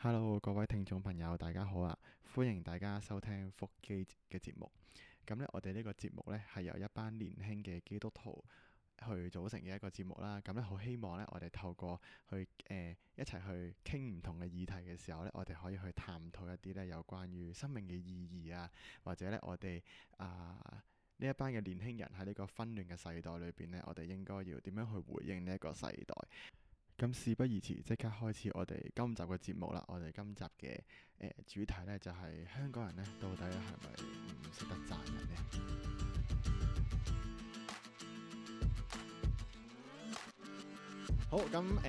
hello，各位聽眾朋友，大家好啊！歡迎大家收聽福基嘅節目。咁咧，我哋呢個節目咧係由一班年輕嘅基督徒去組成嘅一個節目啦。咁咧，好希望咧，我哋透過去誒、呃，一齊去傾唔同嘅議題嘅時候咧，我哋可以去探討一啲咧有關於生命嘅意義啊，或者咧，我哋啊呢一班嘅年輕人喺呢個紛亂嘅世代裏邊咧，我哋應該要點樣去回應呢一個世代。咁事不宜遲，即刻開始我哋今集嘅節目啦！我哋今集嘅誒、呃、主題咧，就係、是、香港人咧，到底係咪唔識得讚人呢？好，咁誒，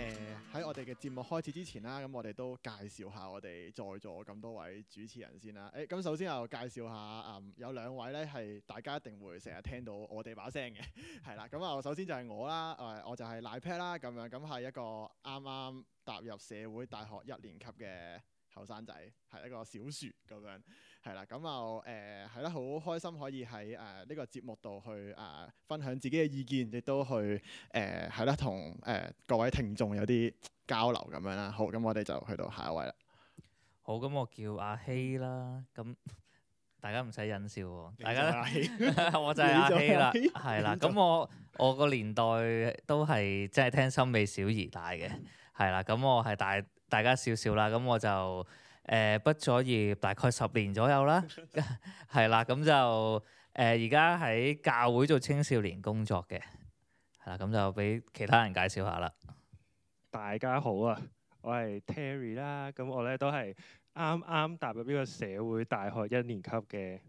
喺我哋嘅節目開始之前啦，咁、嗯、我哋都介紹下我哋在座咁多位主持人先啦。誒、欸、咁、嗯、首先又介紹下，誒、嗯、有兩位呢係大家一定會成日聽到我哋把聲嘅，係 啦、嗯。咁啊、 嗯、首先就係我啦，誒、呃、我就係賴 pad 啦，咁樣咁係一個啱啱踏入社會大學一年級嘅後生仔，係一個小樹咁樣。係啦，咁我誒，係 啦樂，好、呃、開心可以喺誒呢個節目度去誒、呃、分享自己嘅意見，亦都去誒係啦，同、呃、誒、呃、各位聽眾有啲交流咁樣啦。好，咁我哋就去到下一位啦。好，咁我叫阿希啦。咁大家唔使忍笑喎，大家，我就係阿希啦，係啦。咁 我我個年代都係即係聽森美小儀大嘅，係啦。咁我係大大家笑笑啦，咁我就。誒、呃、畢咗業大概十年左右啦，係 啦，咁就誒而家喺教會做青少年工作嘅，係啦，咁就俾其他人介紹下啦。大家好啊，我係 Terry 啦，咁我呢都係啱啱踏入呢個社會大學一年級嘅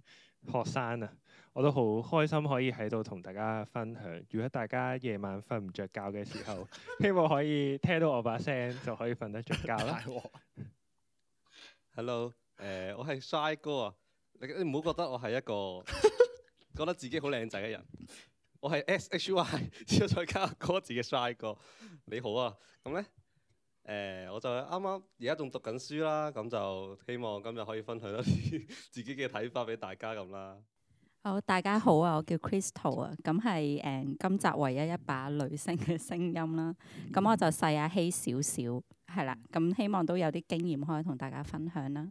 學生啊，我都好開心可以喺度同大家分享。如果大家夜晚瞓唔着覺嘅時候， 希望可以聽到我把聲就可以瞓得着覺啦。 Hello，誒、uh,，我係 Shy 哥啊！你你唔好覺得我係一個 覺得自己好靚仔嘅人，我係 S H Y，再 加個哥字嘅 Shy 哥。你好啊，咁呢？誒、uh,，我就係啱啱而家仲讀緊書啦，咁就希望今日可以分享多啲自己嘅睇法俾大家咁啦。好，oh, 大家好啊！我叫 Crystal 啊，咁係誒今集唯一一把女聲嘅聲音啦，咁我就細阿希少少，係啦，咁希望都有啲經驗可以同大家分享啦。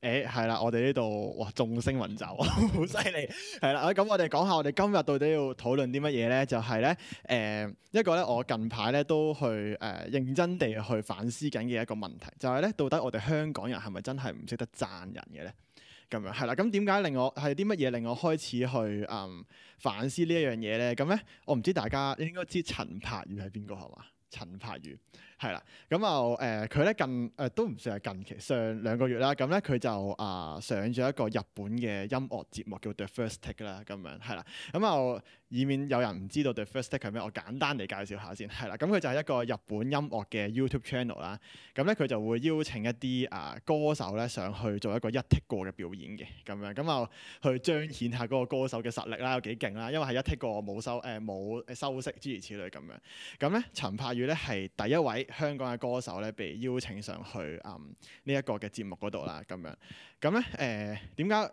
誒、欸，係啦，我哋呢度哇，眾星雲集好犀利，係 啦，咁、嗯、我哋講下我哋今日到底要討論啲乜嘢咧？就係、是、咧，誒、呃、一個咧，我近排咧都去誒、呃、認真地去反思緊嘅一個問題，就係、是、咧，到底我哋香港人係咪真係唔識得讚人嘅咧？咁樣係啦，咁點解令我，係啲乜嘢令我開始去，嗯，反思呢一樣嘢咧？咁咧，我唔知大家應該知陳柏宇係邊個，係咪？陳柏宇。係啦，咁又誒佢咧近誒、呃、都唔算係近期上兩個月啦，咁咧佢就啊、呃、上咗一個日本嘅音樂節目叫做 The First Take 啦，咁樣係啦，咁又以免有人唔知道 The First Take 係咩，我簡單嚟介紹下先，係啦，咁佢就係一個日本音樂嘅 YouTube channel 啦，咁咧佢就會邀請一啲啊、呃、歌手咧上去做一個一 take 過嘅表演嘅，咁樣咁又去彰顯下嗰個歌手嘅實力啦，有幾勁啦，因為係一 take 過冇修，冇修飾諸如此類咁樣，咁咧陳柏宇咧係第一位。香港嘅歌手咧被邀請上去，嗯，呢一個嘅節目嗰度啦，咁樣，咁咧，誒點解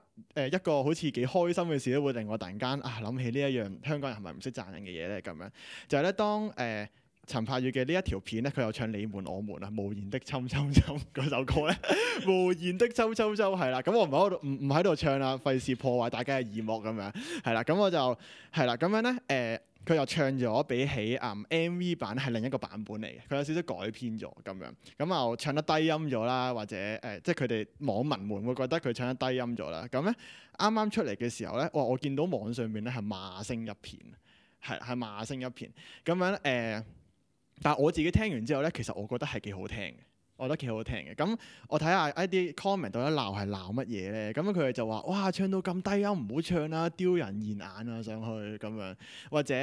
誒一個好似幾開心嘅事都會令我突然間啊諗起呢一樣香港人係咪唔識讚人嘅嘢咧？咁樣就係咧，當誒。呃陳柏宇嘅呢一條片咧，佢又唱你們我們啊，無言的， 的秋秋秋。嗰首歌咧，無言的秋秋秋，係啦，咁我唔喺度，唔唔喺度唱啦，費事破壞大家嘅耳膜咁樣，係啦，咁我就係啦，咁樣咧，誒、呃，佢又唱咗比起、嗯、M V 版係另一個版本嚟嘅，佢有少少改編咗咁樣，咁又唱得低音咗啦，或者誒，即係佢哋網民們會覺得佢唱得低音咗啦。咁咧啱啱出嚟嘅時候咧，哇！我見到網上面咧係罵聲一片，係係罵聲一片，咁樣誒。呃呃但係我自己聽完之後咧，其實我覺得係幾好聽嘅，我覺得幾好聽嘅。咁我睇下一啲 comment 到底鬧係鬧乜嘢咧？咁佢哋就話：哇，唱到咁低音唔好唱啦、啊，丟人現眼啊！上去咁樣，或者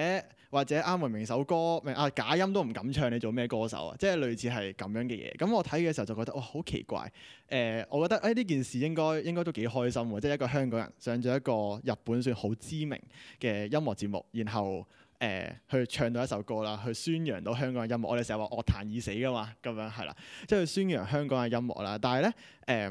或者啱明明首歌咪啊假音都唔敢唱，你做咩歌手啊？即係類似係咁樣嘅嘢。咁我睇嘅時候就覺得哇好奇怪。誒、呃，我覺得誒呢件事應該應該都幾開心嘅，即係一個香港人上咗一個日本算好知名嘅音樂節目，然後。誒、呃、去唱到一首歌啦，去宣揚到香港嘅音樂。我哋成日話樂壇已死㗎嘛，咁樣係啦，即係、就是、去宣揚香港嘅音樂啦。但係咧，誒、呃，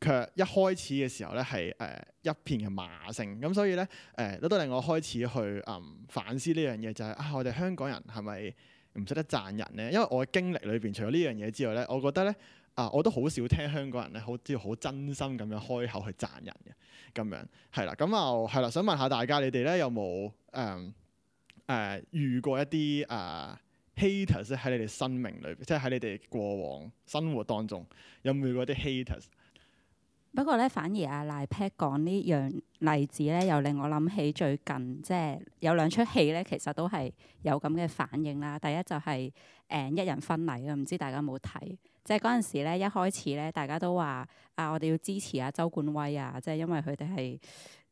佢一開始嘅時候咧係誒一片嘅罵聲。咁所以咧，誒都都令我開始去誒、嗯、反思呢樣嘢，就係啊，我哋香港人係咪唔識得讚人咧？因為我嘅經歷裏邊，除咗呢樣嘢之外咧，我覺得咧啊、呃，我都好少聽香港人咧，好即係好真心咁樣開口去讚人嘅。咁樣係啦，咁又係啦，想問下大家你有有，你哋咧有冇誒？誒、uh, 遇過一啲誒 haters 喺你哋生命裏邊，即喺你哋過往生活當中，有冇遇過啲 haters？不過咧，反而阿賴 Pat 講呢樣例子咧，又令我諗起最近即係、就是、有兩出戲咧，其實都係有咁嘅反應啦。第一就係、是、誒、嗯、一人婚禮啊，唔知大家有冇睇？即係嗰陣時咧，一開始咧，大家都話啊，我哋要支持啊周冠威啊，即、就、係、是、因為佢哋係。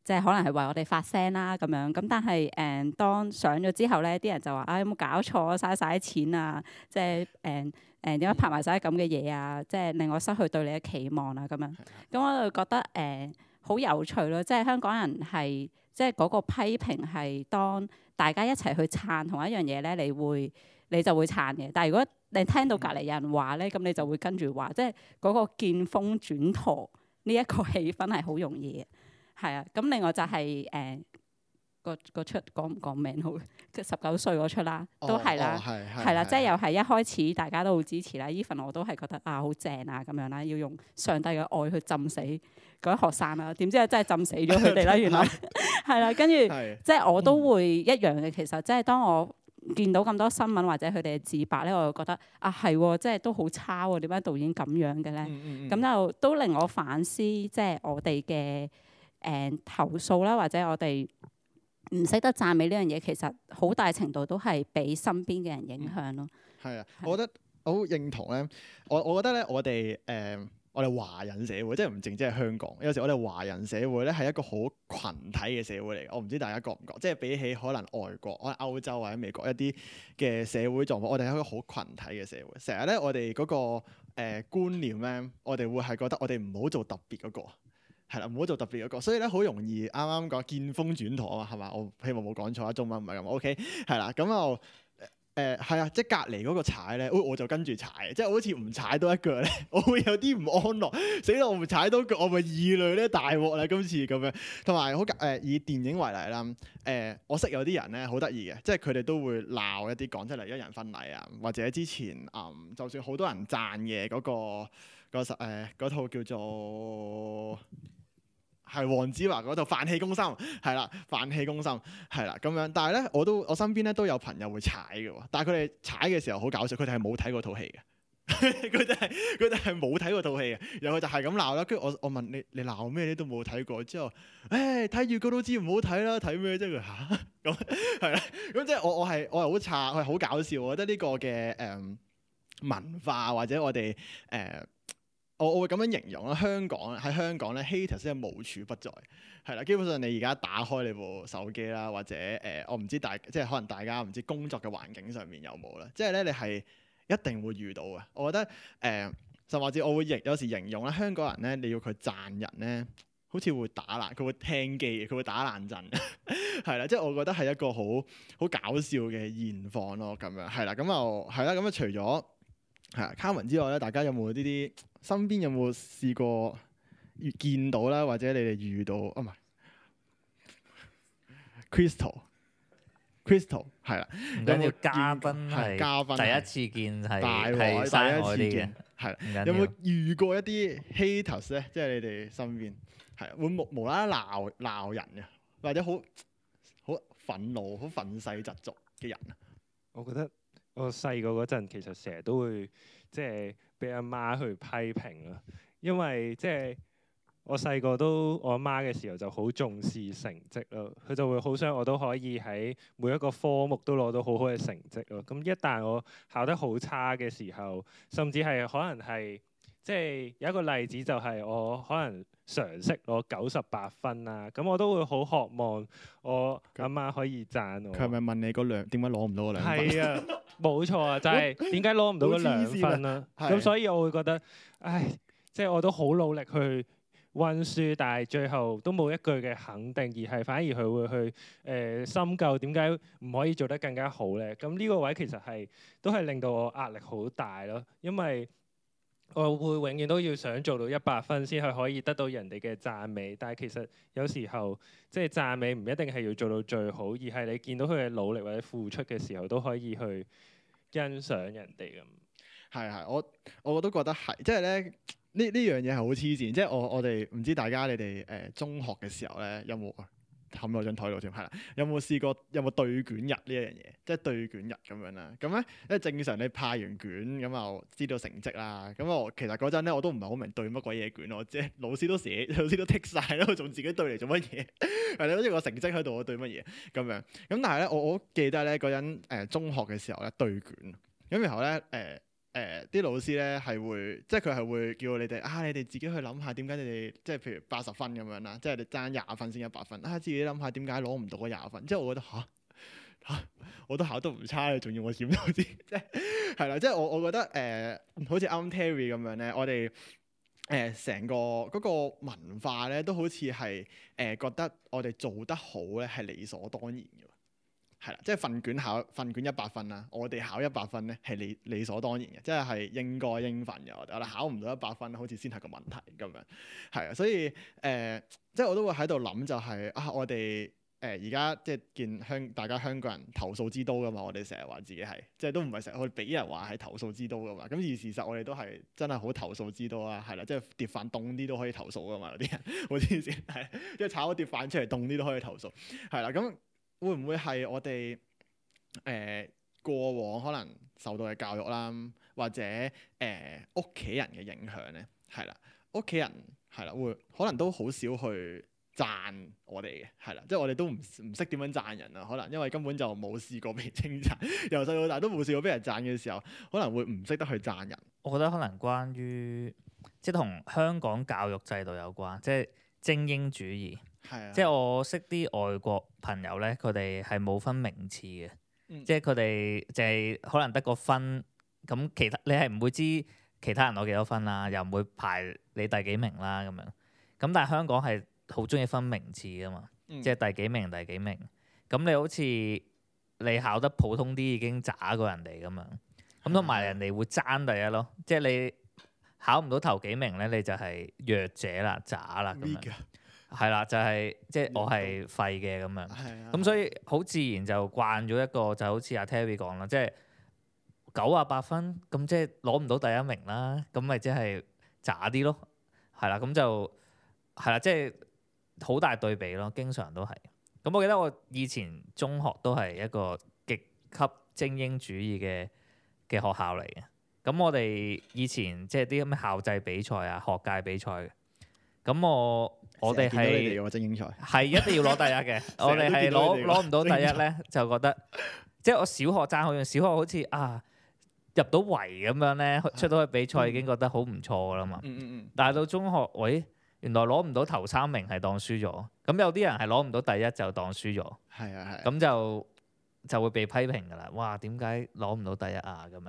即係可能係為我哋發聲啦咁樣，咁但係誒、嗯、當上咗之後咧，啲人就話：啊有冇搞錯？嘥晒啲錢啊！即係誒誒點樣拍埋晒啲咁嘅嘢啊！即係令我失去對你嘅期望啦、啊、咁樣。咁、嗯嗯、我就覺得誒好、嗯、有趣咯！即係香港人係即係嗰個批評係當大家一齊去撐同一樣嘢咧，你會你就會撐嘅。但係如果你聽到隔離有人話咧，咁你就會跟住話，即係嗰個見風轉舵呢一個氣氛係好容易嘅。係啊，咁另外就係誒個出講唔講名好，即十九歲嗰出啦，都係啦，係啦，即係又係一開始大家都好支持啦，依份我都係覺得啊好正啊咁樣啦，要用上帝嘅愛去浸死嗰啲學生啦，點知真係浸死咗佢哋啦，原來係啦，跟住即係我都會一樣嘅，其實即係當我見到咁多新聞或者佢哋嘅自白咧，我就覺得啊係，即係都好差喎，點解導演咁樣嘅咧？咁就都令我反思，即係我哋嘅。誒、嗯、投訴啦，或者我哋唔識得讚美呢樣嘢，其實好大程度都係俾身邊嘅人影響咯。係啊、嗯，的我覺得好認同咧。我的我覺得咧、呃，我哋誒我哋華人社會，即係唔淨止係香港。有時我哋華人社會咧係一個好群體嘅社會嚟。我唔知大家覺唔覺，即係比起可能外國、歐洲或者美國一啲嘅社會狀況，我哋係一個好群體嘅社會。成日咧，我哋嗰個誒觀念咧，我哋會係覺得我哋唔好做特別嗰、那個。係啦，唔好做特別嗰個，所以咧好容易，啱啱講見風轉舵啊，係嘛？我希望冇講錯啊，中文唔係咁 OK，係啦，咁又誒係啊，即係隔籬嗰個踩咧、哦，我就跟住踩，即係好似唔踩多一腳咧， 我會有啲唔安樂，死啦！我唔踩到腳，我咪異類咧大鑊啦，今次咁樣。同埋好誒，以電影為例啦，誒、呃，我識有啲人咧好得意嘅，即係佢哋都會鬧一啲講出嚟，一人婚禮啊，或者之前嗯，就算好多人讚嘅嗰個嗰、那個呃、套叫做。係黃子華嗰套飯氣攻心，係啦，飯氣攻心，係啦咁樣。但係咧，我都我身邊咧都有朋友會踩嘅，但係佢哋踩嘅時候好搞笑，佢哋係冇睇過套戲嘅。佢哋係佢哋係冇睇過套戲嘅，然後佢就係咁鬧啦。跟住我我問你，你鬧咩？你，你都冇睇過之後，誒睇預告都知唔好睇啦，睇咩啫？佢嚇咁係啦，咁即係我我係我係好賊，係好搞笑。我覺得呢個嘅誒、呃、文化或者我哋誒。呃我我會咁樣形容啦。香港喺香港咧，Haters 真係無處不在係啦。基本上你而家打開你部手機啦，或者誒、呃，我唔知大即係可能大家唔知工作嘅環境上面有冇啦，即係咧你係一定會遇到嘅。我覺得誒、呃，甚至我會有時形容啦，香港人咧，你要佢讚人咧，好似會打爛佢會聽機，佢會打爛陣係啦。 即係我覺得係一個好好搞笑嘅現況咯。咁樣係啦，咁又係啦。咁啊，除咗係啊，Carmen 之外咧，大家有冇呢啲？身邊有冇試過見到啦，或者你哋遇到啊？唔係，Crystal，Crystal 係啦。有冇嘉賓係第一次見係係第一次嘅？係有冇遇過一啲 haters 咧？即係你哋身邊係會無無啦啦鬧鬧人嘅，或者好好憤怒、好憤世嫉俗嘅人？我覺得我細個嗰陣其實成日都會。 即係俾阿媽去批評啦，因為即係我細個都我阿媽嘅時候就好重視成績咯，佢就會好想我都可以喺每一個科目都攞到好好嘅成績咯。咁一旦我考得好差嘅時候，甚至係可能係，即係有一個例子就係我可能。常識攞九十八分啊，咁我都會好渴望我阿媽可以讚我。佢係咪問你嗰兩點解攞唔到個兩分？係啊，冇錯啊，就係點解攞唔到個兩分啦？咁所以我會覺得，唉，即係我都好努力去温書，但係最後都冇一句嘅肯定，而係反而佢會去誒、呃、深究點解唔可以做得更加好咧？咁呢個位其實係都係令到我壓力好大咯，因為。我會永遠都要想做到一百分先去可以得到人哋嘅讚美，但係其實有時候即係讚美唔一定係要做到最好，而係你見到佢嘅努力或者付出嘅時候都可以去欣賞人哋咁。係係，我我都覺得係，即係咧呢呢樣嘢係好黐線，即係我我哋唔知大家你哋誒中學嘅時候咧有冇啊？冚喺張台度添，係啦。有冇試過有冇對卷日呢一樣嘢？即係對卷日咁樣啦。咁咧，因為正常你派完卷咁又知道成績啦。咁我其實嗰陣咧我都唔係好明對乜鬼嘢卷我，即係老師都寫，老師都剔晒啦，仲自己對嚟做乜嘢？係啦，即係我成績喺度，我對乜嘢咁樣？咁但係咧，我我記得咧嗰陣誒中學嘅時候咧對卷，咁然後咧誒。呃誒啲、呃、老師咧係會，即係佢係會叫你哋啊，你哋自己去諗下點解你哋即係譬如八十分咁樣啦，即係你爭廿分先一百分啊，自己諗下點解攞唔到個廿分。即係我覺得嚇、啊啊、我都考得唔差，你仲要我欠多啲，即係係啦。即係我我覺得誒、呃，好似啱 Terry 咁樣咧，我哋誒成個嗰個文化咧，都好似係誒覺得我哋做得好咧係理所當然㗎。係啦，即係份卷考份卷一百分啦，我哋考一百分咧係理理所當然嘅，即係係應該應份嘅。我哋考唔到一百分，好似先係個問題咁樣。係啊，所以誒、呃，即係我都會喺度諗就係、係、啊，我哋誒而家即係見香大家香港人投訴之都噶嘛，我哋成日話自己係即係都唔係成日去俾人話係投訴之都噶嘛。咁而事實我哋都係真係好投訴之都啊。係啦，即係碟飯凍啲都可以投訴噶嘛，有啲人好黐線，係 即係炒一碟飯出嚟凍啲都可以投訴，係啦咁。會唔會係我哋誒、呃、過往可能受到嘅教育啦，或者誒屋企人嘅影響咧？係啦，屋企人係啦，會可能都好少去讚我哋嘅，係啦，即係我哋都唔唔識點樣讚人啊。可能因為根本就冇試過被稱讚，由細到大都冇試過俾人讚嘅時候，可能會唔識得去讚人。我覺得可能關於即係同香港教育制度有關，即係精英主義。即係我識啲外國朋友咧，佢哋係冇分名次嘅。嗯、即係佢哋就係可能得個分咁，其他你係唔會知其他人攞幾多分啦，又唔會排你第幾名啦咁樣。咁但係香港係好中意分名次噶嘛，嗯、即係第幾名第幾名。咁你好似你考得普通啲已經渣過人哋咁樣，咁同埋人哋會爭第一咯。嗯、即係你考唔到頭幾名咧，你就係弱者啦，渣啦咁樣。係啦、 啊，就係即係我係廢嘅咁樣，咁、 啊、所以好自然就慣咗一個，就好似阿 Terry 講啦，即係九啊八分，咁即係攞唔到第一名啦，咁咪即係渣啲咯，係啦、啊，咁就係啦，即係好大對比咯，經常都係。咁我記得我以前中學都係一個極級精英主義嘅嘅學校嚟嘅，咁我哋以前即係啲咁嘅校際比賽啊、學界比賽嘅，咁我。我哋係見一定要攞第一嘅。 常常我哋係攞攞唔到第一咧，就覺得 即係我小學爭好遠，小學好似啊入到圍咁樣咧，出到去比賽已經覺得好唔錯噶啦嘛。嗯嗯嗯。但係到中學，喂、哎，原來攞唔到頭三名係當輸咗。咁有啲人係攞唔到第一就當輸咗。係啊係、啊。咁就就會被批評噶啦。哇，點解攞唔到第一啊？咁樣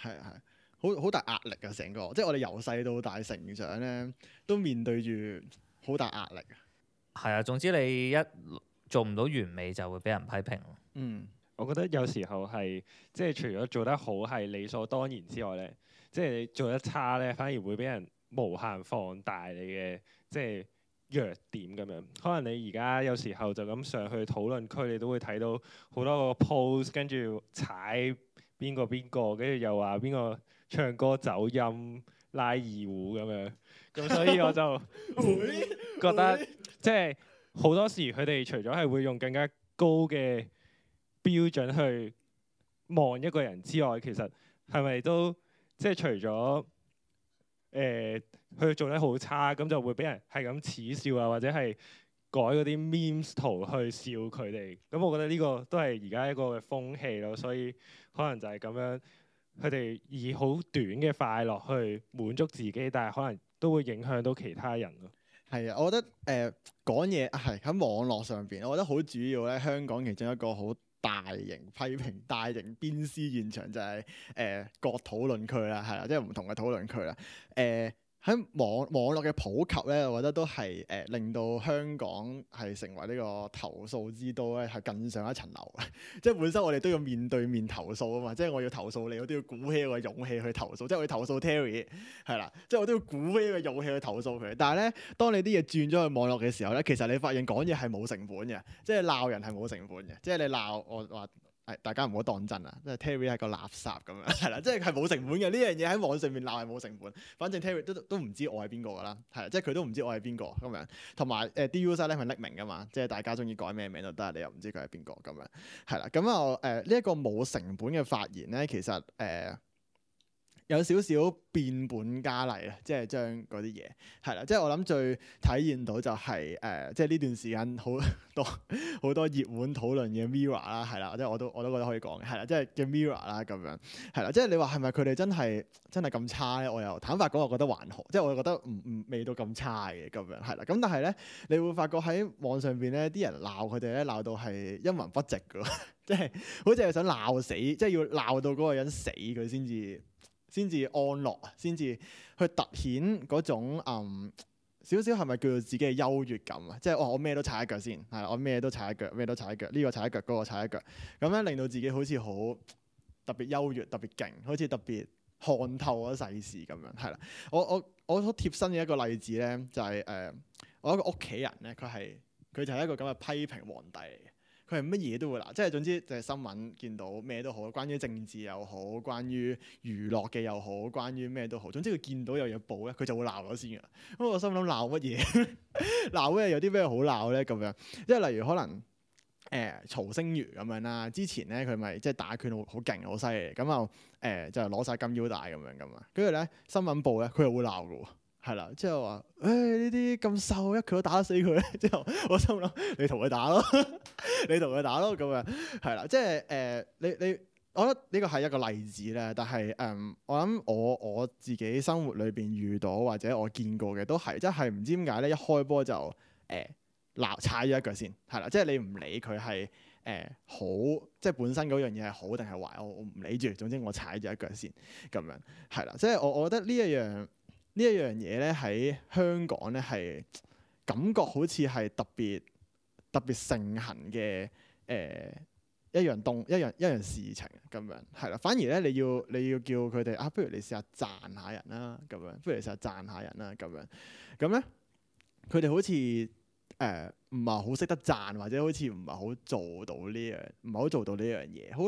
係啊係，好好大壓力啊！成個即係我哋由細到大成長咧，都面對住。好大壓力呀，係啊！總之你一做唔到完美，就會俾人批評。嗯，我覺得有時候係即係除咗做得好係理所當然之外呢，即係你做得差呢，反而會俾人無限放大你嘅即係弱點咁樣。可能你而家有時候就咁上去討論區，你都會睇到好多個 post，跟住踩邊個邊個，跟住又話邊個唱歌走音、拉二胡咁樣。咁 所以我就覺得，即係好多時佢哋除咗係會用更加高嘅標準去望一個人之外，其實係咪都即係、就是、除咗誒佢做得好差，咁就會俾人係咁恥笑啊，或者係改嗰啲 meme 圖去笑佢哋。咁我覺得呢個都係而家一個嘅風氣咯，所以可能就係咁樣，佢哋以好短嘅快樂去滿足自己，但係可能。都會影響到其他人咯。係啊，我覺得誒講嘢係喺網絡上邊，我覺得好主要咧。香港其中一個好大型批評、大型鞭屍現場就係、是、誒、呃、各討論區啦，係啦，即係唔同嘅討論區啦。誒、呃。喺網網絡嘅普及咧，我覺得都係誒、呃、令到香港係成為呢個投訴之都咧，係更上一層樓嘅。 即係本身我哋都要面對面投訴啊嘛，即係我要投訴你，我都要鼓起個勇氣去投訴。即係我要投訴 Terry 係啦，即係我都要鼓起個勇氣去投訴佢。但係咧，當你啲嘢轉咗去網絡嘅時候咧，其實你發現講嘢係冇成本嘅，即係鬧人係冇成本嘅，即係你鬧我話。係，大家唔好當真啊！即係 Terry 係個垃圾咁樣，係啦，即係係冇成本嘅，呢樣嘢喺網上面鬧，係冇成本。反正 Terry 都都唔知我係邊個噶啦，係啊、呃，即係佢都唔知我係邊個咁樣。同埋誒，啲 user 咧係匿名噶嘛，即係大家中意改咩名就得，你又唔知佢係邊個咁樣，係啦。咁啊誒，呢一個冇成本嘅發言咧，其實誒。呃有少少變本加厲啊，即係將嗰啲嘢係啦，即係我諗最體現到就係、是、誒、呃，即係呢段時間好多好多熱門討論嘅 Mirror 啦，係啦，即係我都我都覺得可以講嘅，係啦、就是，即係叫 Mirror 啦咁樣，係啦，即係你話係咪佢哋真係真係咁差咧？我又坦白講，我覺得還好，即係我覺得唔唔未到咁差嘅咁樣，係啦。咁但係咧，你會發覺喺網上邊咧，啲人鬧佢哋咧，鬧到係一文不值㗎，即係好似係想鬧死，即係要鬧到嗰個人死佢先至，先至安樂啊，先至去突顯嗰種嗯少少係咪叫做自己嘅優越感啊？即係我我咩都踩一腳先，係我咩都踩一腳，咩都踩一腳，呢個踩一腳，嗰個踩一腳，咁樣令到自己好似好特別優越，特別勁，好似特別看透啊世事咁樣，係啦，我我我好貼身嘅一個例子咧，就係誒我一個屋企人咧，佢係佢就係一個咁嘅批評皇帝。佢係乜嘢都會鬧，即係總之就係新聞見到咩都好，關於政治又好，關於娛樂嘅又好，關於咩都好，總之佢見到又有報咧，佢就會鬧咗先嘅。咁我心諗鬧乜嘢鬧咩？ 有啲咩好鬧咧？咁樣即係例如可能誒、呃、曹星如咁樣啦，之前咧佢咪即係打拳好好勁好犀利，咁又誒就攞晒金腰帶咁樣噶嘛，跟住咧新聞報咧佢又會鬧嘅。係啦，即係話，誒呢啲咁瘦一腳都打死佢咧。之後我心諗，你同佢打咯、 呃，你同佢打咯，咁樣，係啦，即係誒，你你，我覺得呢個係一個例子啦。但係誒、呃，我諗我我自己生活裏邊遇到或者我見過嘅都係，即係唔知點解咧，一開波就誒鬧踩咗一腳先，係啦，即係你唔理佢係誒好，即係本身嗰樣嘢係好定係壞，我唔理住，總之我踩咗一腳先，咁樣係啦，即係我我覺得呢一樣。呢一樣嘢咧，喺香港咧，係感覺好似係特別特別盛行嘅誒、呃、一樣動一樣一樣事情咁樣係啦，反而咧你要你要叫佢哋啊，不如你試下讚下人啦咁樣，不如你試下讚下人啦咁樣，咁咧佢哋好似。誒，唔係好識得讚，或者好似唔係好做到呢樣，唔係好做到呢樣嘢，好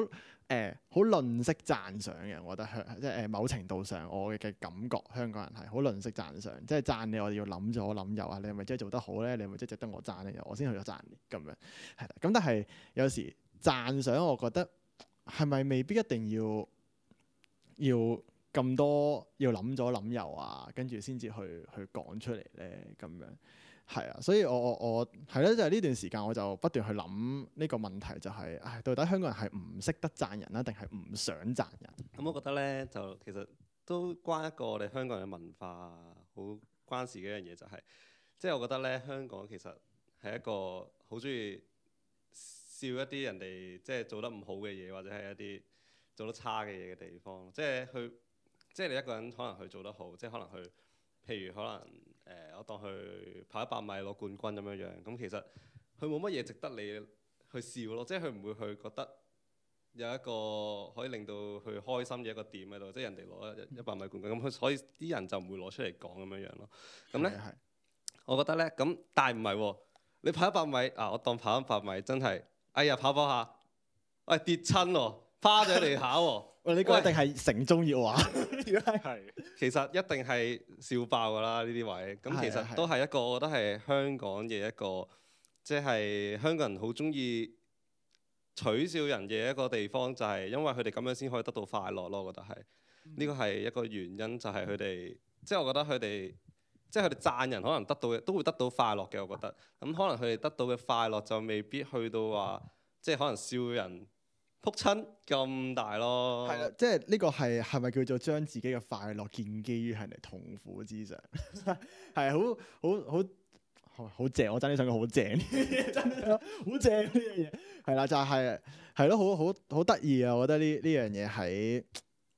誒，好吝嗇讚賞嘅。我覺得香、呃，即係誒，某程度上我嘅感覺，香港人係好吝嗇讚賞，即係讚你，你，你，你，我哋要諗咗諗右啊，你係咪真係做得好咧？你係咪真係值得我讚咧？我先去咗讚你咁樣，係啦。咁但係有時讚賞，我覺得係咪未必一定要要咁多，要諗咗諗右啊，跟住先至去去講出嚟咧，咁樣。係啊，所以我我我係咧，就係、是、呢段時間我就不斷去諗呢個問題、就是，就係唉，到底香港人係唔識得讚人啦，定係唔想讚人？咁、嗯、我覺得呢，就其實都關一個我哋香港人嘅文化好關事嘅一樣嘢，就係即係我覺得呢，香港其實係一個好鍾意笑一啲人哋即係做得唔好嘅嘢，或者係一啲做得差嘅嘢嘅地方。即、就、係、是、去，即、就、係、是、你一個人可能去做得好，即、就、係、是、可能去，譬如可能。誒，我當佢跑一百米攞冠軍咁樣樣，咁其實佢冇乜嘢值得你去笑咯，即係佢唔會去覺得有一個可以令到佢開心嘅一個點喺度，即係人哋攞一百米冠軍，咁佢所以啲人就唔會攞出嚟講咁樣樣咯。咁咧，是是我覺得咧，咁但係唔係喎？你跑一百米啊，我當跑一百米真係，哎呀跑跑下，喂跌親喎，趴咗喺地下喎。喂， 呢個一定係城中熱話。係， 其實一定係笑爆㗎啦呢啲位，咁其實都係一,一個，我覺得係香港嘅一個，即係香港人好鍾意取笑人嘅一個地方，就係、是、因為佢哋咁樣先可以得到快樂囉。我覺得係，呢個係一個原因，就係佢哋，即、就、係、是、我覺得佢哋，即係佢哋讚人可能得到嘅都會得到快樂嘅。我覺得，咁可能佢哋得到嘅快樂就未必去到話，即、就、係、是、可能笑人。哭親咁大咯，係啦，即係呢個係係咪叫做將自己嘅快樂建基於人哋痛苦之上？係好好好好正，我真係想講好正，真係好正呢樣嘢。係啦，就係係咯，好好好得意啊！我覺得呢呢樣嘢喺。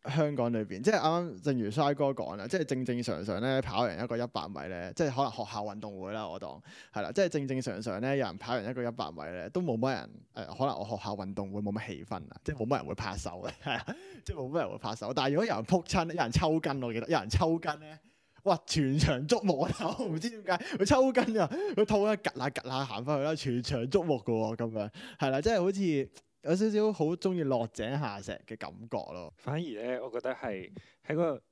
香港裏邊，即係啱啱正如帥哥講啦，即係正正常常咧跑完一個一百米咧，即係可能學校運動會啦，我當係啦，即係正正常常咧有人跑完一個一百米咧都冇乜人誒、呃，可能我學校運動會冇乜氣氛啊，嗯、即係冇乜人會拍手嘅，係啊，即係冇乜人會拍手。但係如果有人仆親有人抽筋，我記得有人抽筋咧，哇！全場捉莫手，唔知點解佢抽筋啊，佢吐一吉下吉下行翻去啦，全場捉莫噶喎咁樣，係啦，即係好似。有少少好中意落井下石嘅感覺咯，反而咧，我覺得係喺個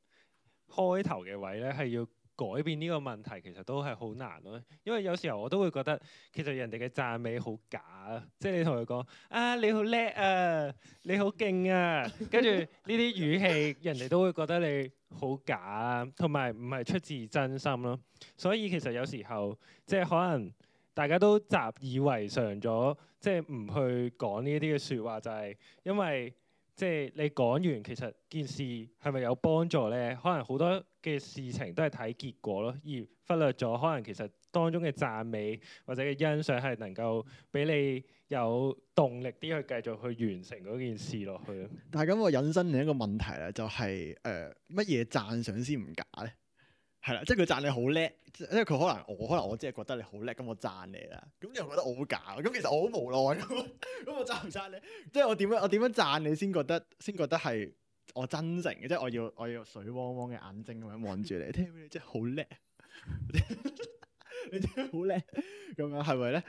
開頭嘅位咧，係要改變呢個問題，其實都係好難咯。因為有時候我都會覺得，其實人哋嘅讚美好假啊，即係你同佢講啊，你好叻啊，你好勁啊，跟住呢啲語氣， 人哋都會覺得你好假啊，同埋唔係出自真心咯。所以其實有時候即係可能。大家都習以為常咗，即係唔去講呢啲嘅説話，就係因為即係你講完，其實件事係咪有幫助呢？可能好多嘅事情都係睇結果咯，而忽略咗可能其實當中嘅讚美或者嘅欣賞係能夠俾你有動力啲去繼續去完成嗰件事落去。但係咁我引申另一個問題咧，就係誒乜嘢讚賞先唔假呢？係啦，即係佢讚你好叻，因為佢可能我可能我只係覺得你好叻，咁我讚你啦。咁你又覺得我好假，咁其實我好無奈咁。咁、 嗯、我讚唔讚你？ 即係我點樣我點樣讚你先覺得先覺得係我真誠嘅？即係我要我要水汪汪嘅眼睛咁樣望住你，聽唔聽？你真係好叻， 你真係好叻，咁樣係咪咧？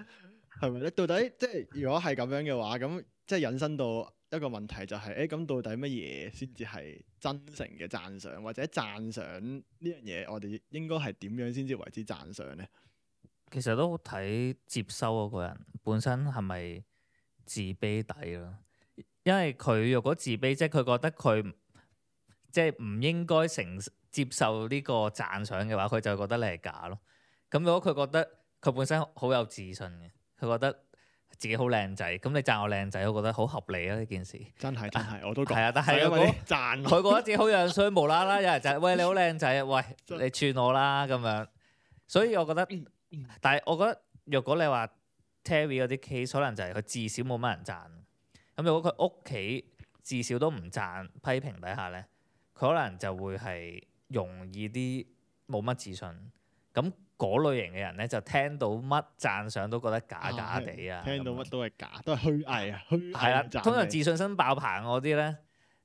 係咪咧？到底即係如果係咁樣嘅話，咁、嗯、即係引申到一個問題就係、是、誒，咁到底乜嘢先至係？真誠嘅讚賞，或者讚賞呢樣嘢，我哋應該係點樣先至為之讚賞呢？其實都好睇接收嗰、嗰個人本身係咪自卑底咯，因為佢若果自卑，即係佢覺得佢即係唔應該承接受呢個讚賞嘅話，佢就會覺得你係假咯。咁如果佢覺得佢本身好，好有自信嘅，佢覺得，自己好靚仔，咁你讚我靚仔，我覺得好合理啊！呢件事真係真係，我都講係啊。但係有讚，佢 覺得自己好樣衰，無啦啦有人就係、是、 喂，你好靚仔，喂 你串我啦咁樣。所以我覺得，但係我覺得，若果你話 Terry 嗰啲 case，可能就係佢至少冇乜人讚。咁如果佢屋企至少都唔讚批評底下呢，佢可能就會係容易啲冇乜自信。咁嗰類型嘅人咧，就聽到乜讚賞都覺得假假地啊！聽到乜都係假，都係虛偽啊！虛偽啦，通常自信心爆棚嗰啲咧，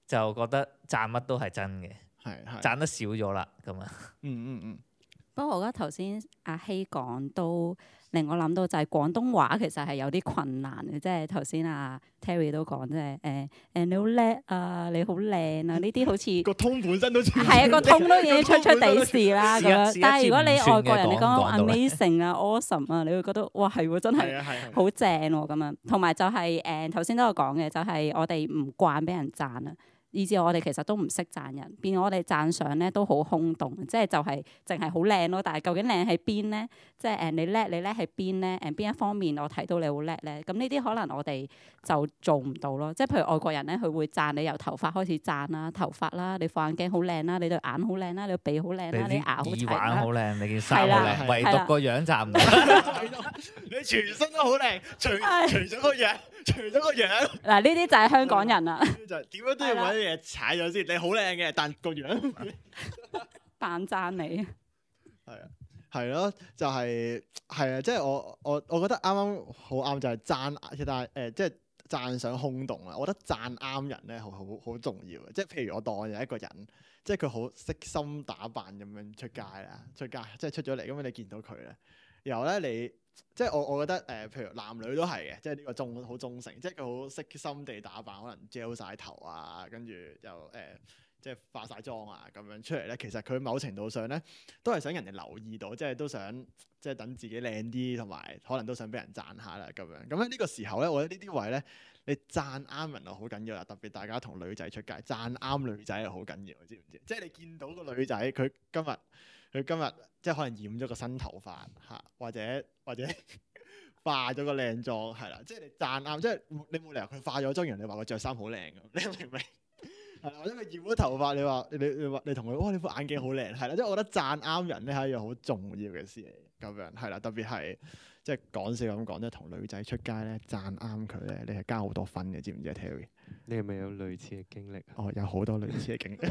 就覺得讚乜都係真嘅。係係，讚得少咗啦，咁啊。嗯嗯嗯。 不過我覺得頭先阿希講都。令我諗到就係廣東話其實係有啲困難嘅，即係頭先啊 Terry 都講即係誒誒你好叻啊，你好靚啊，呢啲好似個 通本身都係啊個通都已經出出地事啦咁樣。 但係如果你外國人的講的講講你講 amazing 啊 awesome 啊，你會覺得哇係喎真係好正喎咁啊。同埋就係誒頭先都有講嘅，就係、是、我哋唔慣俾人讚啊。以至我哋其實都唔識讚人，變我哋讚賞咧都好空洞，即係就係淨係好靚咯。但係究竟靚喺邊咧？即係誒你叻，你叻喺邊咧？誒邊一方面我睇到你好叻咧？咁呢啲可能我哋就做唔到咯。即係譬如外國人咧，佢會讚你由頭髮開始讚啦，頭髮啦，你放眼鏡好靚啦，你對眼好靚啦，你鼻好靚，你牙耳環好靚，你件衫好靚，的唯獨個樣讚唔到。你 全身都好靚，除除咗個樣。除咗個樣，嗱呢啲就係香港人啦。就係點樣都要搵啲嘢踩咗先。你好靚嘅，但個樣扮讚你係啊，係咯，就係係啊，即係我我我覺得啱啱好啱就係讚，但係誒即係讚賞空洞啊！我覺得讚啱、就是就是、人咧好好好重要嘅。即、就、係、是、譬如我當有一個人，即係佢好悉心打扮咁樣出街啦，出街即係、就是、出咗嚟咁樣你見到佢咧，然後咧你。即係我我覺得誒、呃，譬如男女都係嘅，即係呢個忠好忠誠，即係佢好悉心地打扮，可能遮好晒頭啊，跟住又誒、呃，即係化晒妝啊，咁樣出嚟咧。其實佢某程度上咧，都係想人哋留意到，即係都想即係等自己靚啲，同埋可能都想俾人讚下啦，咁樣。咁咧呢個時候咧，我覺得呢啲位咧，你讚啱人就好緊要啦，特別大家同女仔出街，讚啱女仔係好緊要，知唔知？即係你見到個女仔，佢今日。佢今日即係可能染咗個新頭髮嚇，或者或者化咗個靚妝係啦，即係你讚啱，即係你冇理由佢化咗妝人你話佢着衫好靚，你明唔明？係或者佢染咗頭髮，你話你你話你同佢哇，你副眼鏡好靚係啦，即係我覺得讚啱人咧係一樣好重要嘅事嚟。咁樣係啦，特別係即係講笑咁講，即係同女仔出街咧，讚啱佢咧，你係加好多分嘅，知唔知啊，Terry？你係咪有類似嘅經歷？哦，有好多類似嘅經歷，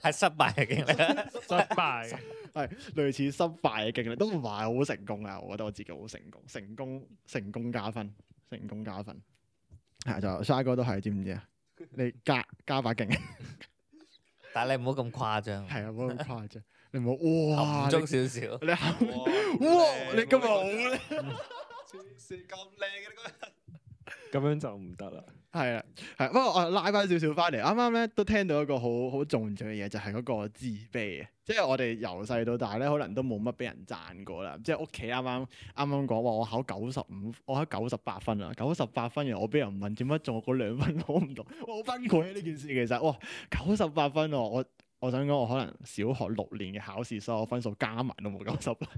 係失敗嘅經歷，失敗係類似失敗嘅經歷，都唔係好成功啊。我覺得我自己好成功，成功成功加分，成功加分，係就沙哥都係，知唔知啊？你加加把勁，但係你唔好咁誇張，係啊，唔好咁誇張，你唔好哇，含蓄少少，你哇，你咁好咧，咁靚嘅咧，咁樣就唔得啦。係啊，係不過我拉翻少少翻嚟，啱啱咧都聽到一個好好重要嘅嘢，就係、是、嗰個自卑啊！即係我哋由細到大咧，可能都冇乜俾人讚過啦。即係屋企啱啱啱啱講話，我考九十五，我考九十八分啊。九十八分，然後我俾人問點解仲有嗰兩分攞唔到，我好崩潰啊！呢件事其實，哇，九十八分我我想講，我可能小學六年嘅考試所有分數加埋都冇九十分。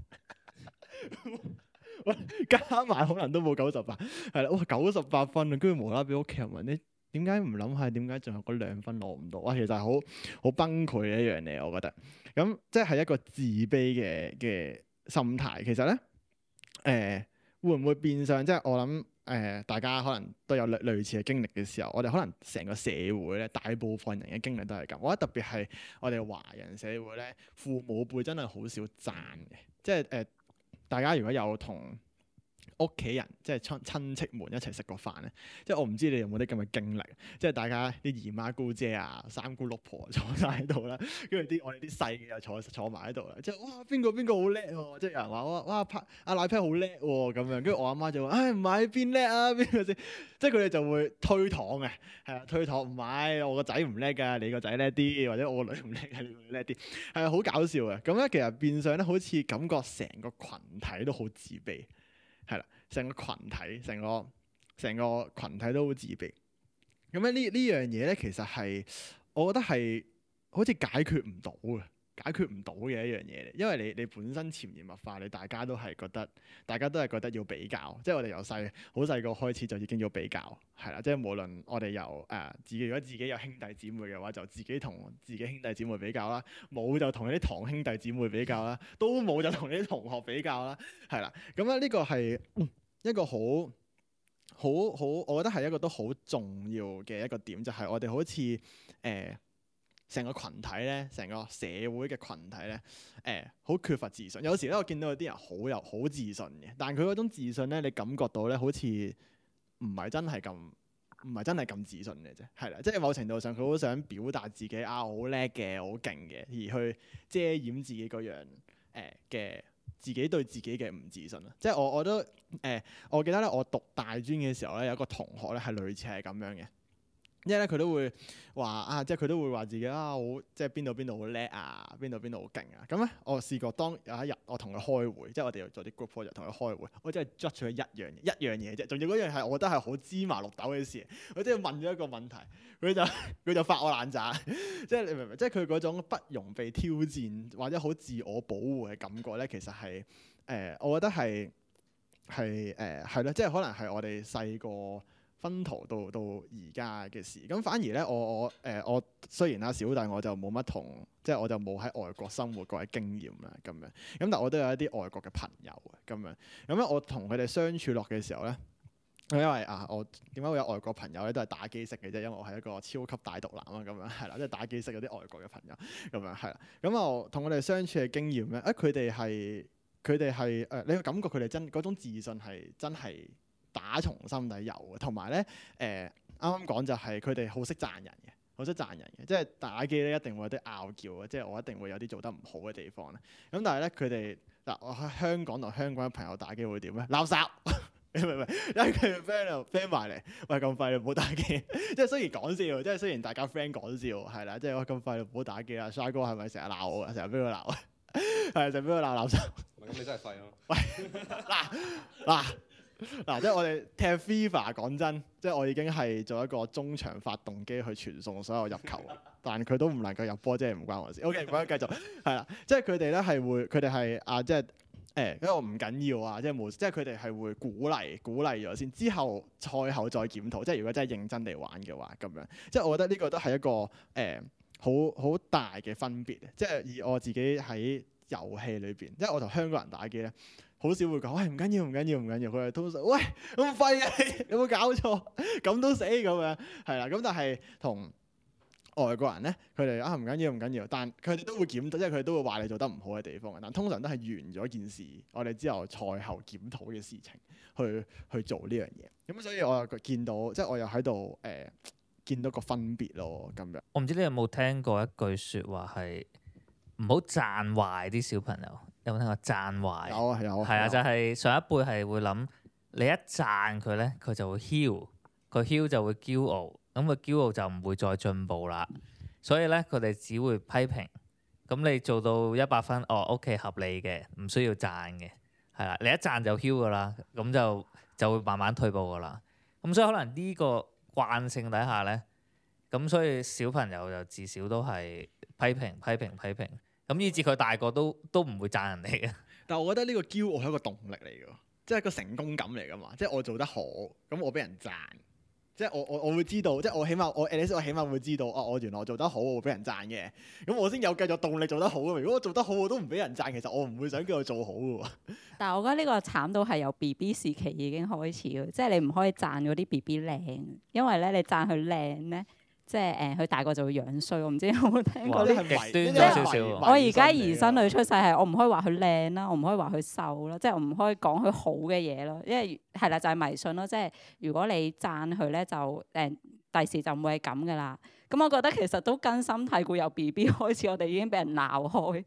加埋可能都冇九十八，係啦，哇九十八分啊！居然無啦，俾屋企人問你點解唔諗下，點解仲有嗰兩分攞唔到？哇，其實係好好崩潰嘅一樣嘢。我覺得。咁即係一個自卑嘅嘅心態。其實咧，誒、呃、會唔會變相即係我諗誒、呃，大家可能都有類類似嘅經歷嘅時候，我哋可能成個社會咧，大部分人嘅經歷都係咁。我覺得特別係我哋華人社會咧，父母輩真係好少讚嘅，即係誒。呃大家如果有同，屋企人即係親親戚們一齊食個飯咧，即係我唔知你有冇啲咁嘅經歷，即係大家啲姨媽姑姐啊、三姑六婆坐晒喺度啦，跟住啲我哋啲細嘅又坐坐埋喺度啦，即係哇邊個邊個好叻喎，即係有人話哇哇拍阿奶拍好叻喎咁樣，跟住我阿媽，媽就話唉唔係邊叻啊邊個先，即係佢哋就會推搪嘅，係啊推搪唔買，我個仔唔叻㗎，你個仔叻啲，或者我個女唔叻㗎，你個女叻啲，係啊好搞笑嘅，咁咧其實變相咧好似感覺成個群體都好自卑。係啦，成個群體，成個成個羣體都好自卑。咁咧呢呢樣嘢咧，其實係我覺得係好似解決唔到嘅。解決唔到嘅一樣嘢，因為你你本身潛移默化，你大家都係覺得，大家都係覺得要比較，即係我哋由細好細個開始就已經要比較，係啦，即係無論我哋有誒自己，如果自己有兄弟姊妹嘅話，就自己同自己兄弟姊妹比較啦；冇就同啲堂兄弟姊妹比較啦；都冇就同啲同學比較啦，係啦。咁咧呢個係一個好好好，我覺得係一個都好重要嘅一個點，就係、是、我哋好似誒。呃成個群體咧，成個社會嘅群體咧，誒、欸，好缺乏自信。有時咧，我見到有啲人好有好自信嘅，但佢嗰種自信咧，你感覺到咧，好似唔係真係咁，唔係真係咁自信嘅啫。係啦，即、就、係、是、某程度上，佢好想表達自己啊，好叻嘅，好勁嘅，而去遮掩自己嗰樣嘅、欸、自己對自己嘅唔自信啦。即係我我都誒、欸，我記得咧，我讀大專嘅時候咧，有一個同學咧係類似係咁樣嘅。因為咧佢都會話啊，即係佢都會話自己啊好即係邊度邊度好叻啊，邊度邊度好勁啊。咁咧、嗯、我試過當有一日我同佢開會，即係我哋又做啲 group project 同佢開會，我真係捉咗佢一樣嘢，一樣嘢啫。仲要嗰樣係我覺得係好芝麻綠豆嘅事，我真係問咗一個問題，佢就佢就，就發我爛渣。即係你明唔明？即係佢嗰種不容被挑戰或者好自我保護嘅感覺咧，其實係誒、呃，我覺得係係誒係咯，即係、呃、可能係我哋細個。奔逃到到而家嘅事，咁反而咧，我、呃、我誒我雖然啊，小弟我就冇乜同，即係我就冇喺外國生活過嘅經驗啦，咁樣。咁但係我都有一啲外國嘅朋友啊，咁樣。咁咧我同佢哋相處落嘅時候咧，因為啊，我點解會有外國朋友咧？都係打機識嘅啫，因為我係一個超級大毒男啊，咁樣係啦，即係打機識嗰啲外國嘅朋友咁樣係啦。咁啊，同佢哋相處嘅經驗咧，啊佢哋係佢哋係誒，你嘅感覺佢哋真嗰種自信係真係。打從心底有嘅，同埋咧誒，啱啱講就係佢哋好識讚人嘅，好識讚人嘅，即係打機咧一定會有啲拗撬嘅，即係我一定會有啲做得唔好嘅地方咧。咁但係咧佢哋嗱，我喺香港同香港嘅朋友打機會點咧？鬧曬，唔 係 因為佢哋 friend 就 friend 埋嚟，喂咁廢，唔好打機。即係雖然講笑，即係雖然大家 friend 講笑係啦，即係我咁廢，唔好打機啦，沙哥係咪成日鬧我啊？成日俾佢鬧啊？係成日俾佢鬧鬧曬？唔咁你真係廢咯。喂，嗱嗱。嗱，即係我哋踢 FIFA，講真，即係我已經係做一個中場發動機去傳送所有入球，但佢都唔能夠入波，即係唔關我事。 OK，唔該繼續，係啦，即係佢哋咧係會，佢哋係啊，即係誒，欸、 因為我唔緊要啊，即係冇，即係佢哋係會鼓勵，鼓勵咗先，之後賽後再檢討。即係如果真係認真地玩嘅話，咁樣，即係我覺得呢個都係一個誒好好大嘅分別。即係以我自己喺遊戲裏邊，因為我同香港人打機咧。好少會講，喂，唔緊要唔緊要唔緊要，佢係通常，喂，咁廢嘅，你有冇搞錯？咁 都死咁樣，係啦。咁但係同外國人咧，佢哋啊，唔緊要唔緊要，但佢哋都會檢，即係佢哋都會話你做得唔好嘅地方嘅。但通常都係完咗件事，我哋之後賽後檢討嘅事情去去做呢樣嘢。咁、嗯、所以我又見到，即係我又喺度誒見到個分別咯，咁樣。我唔知你有冇聽過一句説話係？唔好讚壞啲小朋友。有冇聽過讚壞？有啊有啊。係啊，就係上一輩係會諗，你一讚佢呢，佢就會囂，佢囂就會驕傲，咁佢驕傲就唔會再進步啦。所以呢，佢哋只會批評。咁你做到一百分，哦，OK 合理嘅，唔需要讚嘅，係啦。你一讚就囂噶啦，咁就就會慢慢退步噶啦。咁所以可能呢個慣性底下呢，咁所以小朋友就至少都係批評批評批評。批評批評。咁以至佢大個都都唔會讚人哋嘅。但係我覺得呢個驕傲係一個動力嚟嘅，即係個成功感嚟㗎嘛。即係我做得好，咁我俾人讚，即係我我我會知道，即係我起碼我 a l 我起碼會知道，哦、啊、我原來我做得好，我會俾人讚嘅。咁我先有繼續動力做得好。如果我做得好我都唔俾人讚，其實我唔會想叫佢做好嘅喎。但係我覺得呢個慘到係由 BB 時期已經開始，即係你唔可以讚嗰啲 BB 靚，因為咧你讚佢靚咧。即係誒，佢大個就會樣衰，我唔知有冇聽過啲係迷信少少。我而家疑孫女出世係，我唔可以話佢靚啦，我唔可以話佢瘦啦，即係我唔可以講佢好嘅嘢咯。因為係啦，就係迷信咯。即係如果你讚佢咧，就誒第時就唔會係咁噶啦。咁我覺得其實都根深蒂固，由 B B 開始，我哋已經俾人鬧開。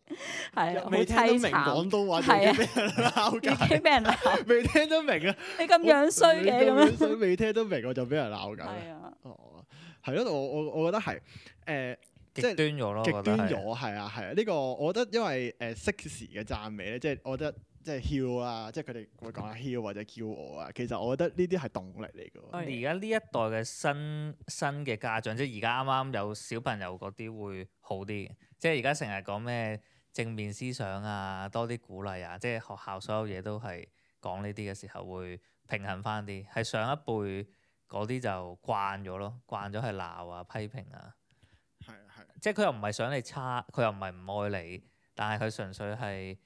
係啊，未聽得明廣東話已經俾人鬧緊，俾人鬧，未聽得明啊！你咁樣衰嘅咁樣，未聽得明我就俾人鬧緊。係啊，係咯，我我我覺得係，即、呃、極端咗咯，極端咗係啊係啊，呢、啊啊呢個我覺得因為誒適時嘅讚美咧，即係我覺得即係 heal 啊，即係佢哋會講下 heal 或者叫我啊，其實我覺得呢啲係動力嚟㗎。而家呢一代嘅新新嘅家長，即係而家啱啱有小朋友嗰啲會好啲，即係而家成日講咩正面思想啊，多啲鼓勵啊，即係學校所有嘢都係講呢啲嘅時候會平衡翻啲，係上一輩。嗰啲就慣咗咯，慣咗係鬧啊、批評啊，係啊係，即係佢又唔係想你差，佢又唔係唔愛你，但係佢純粹係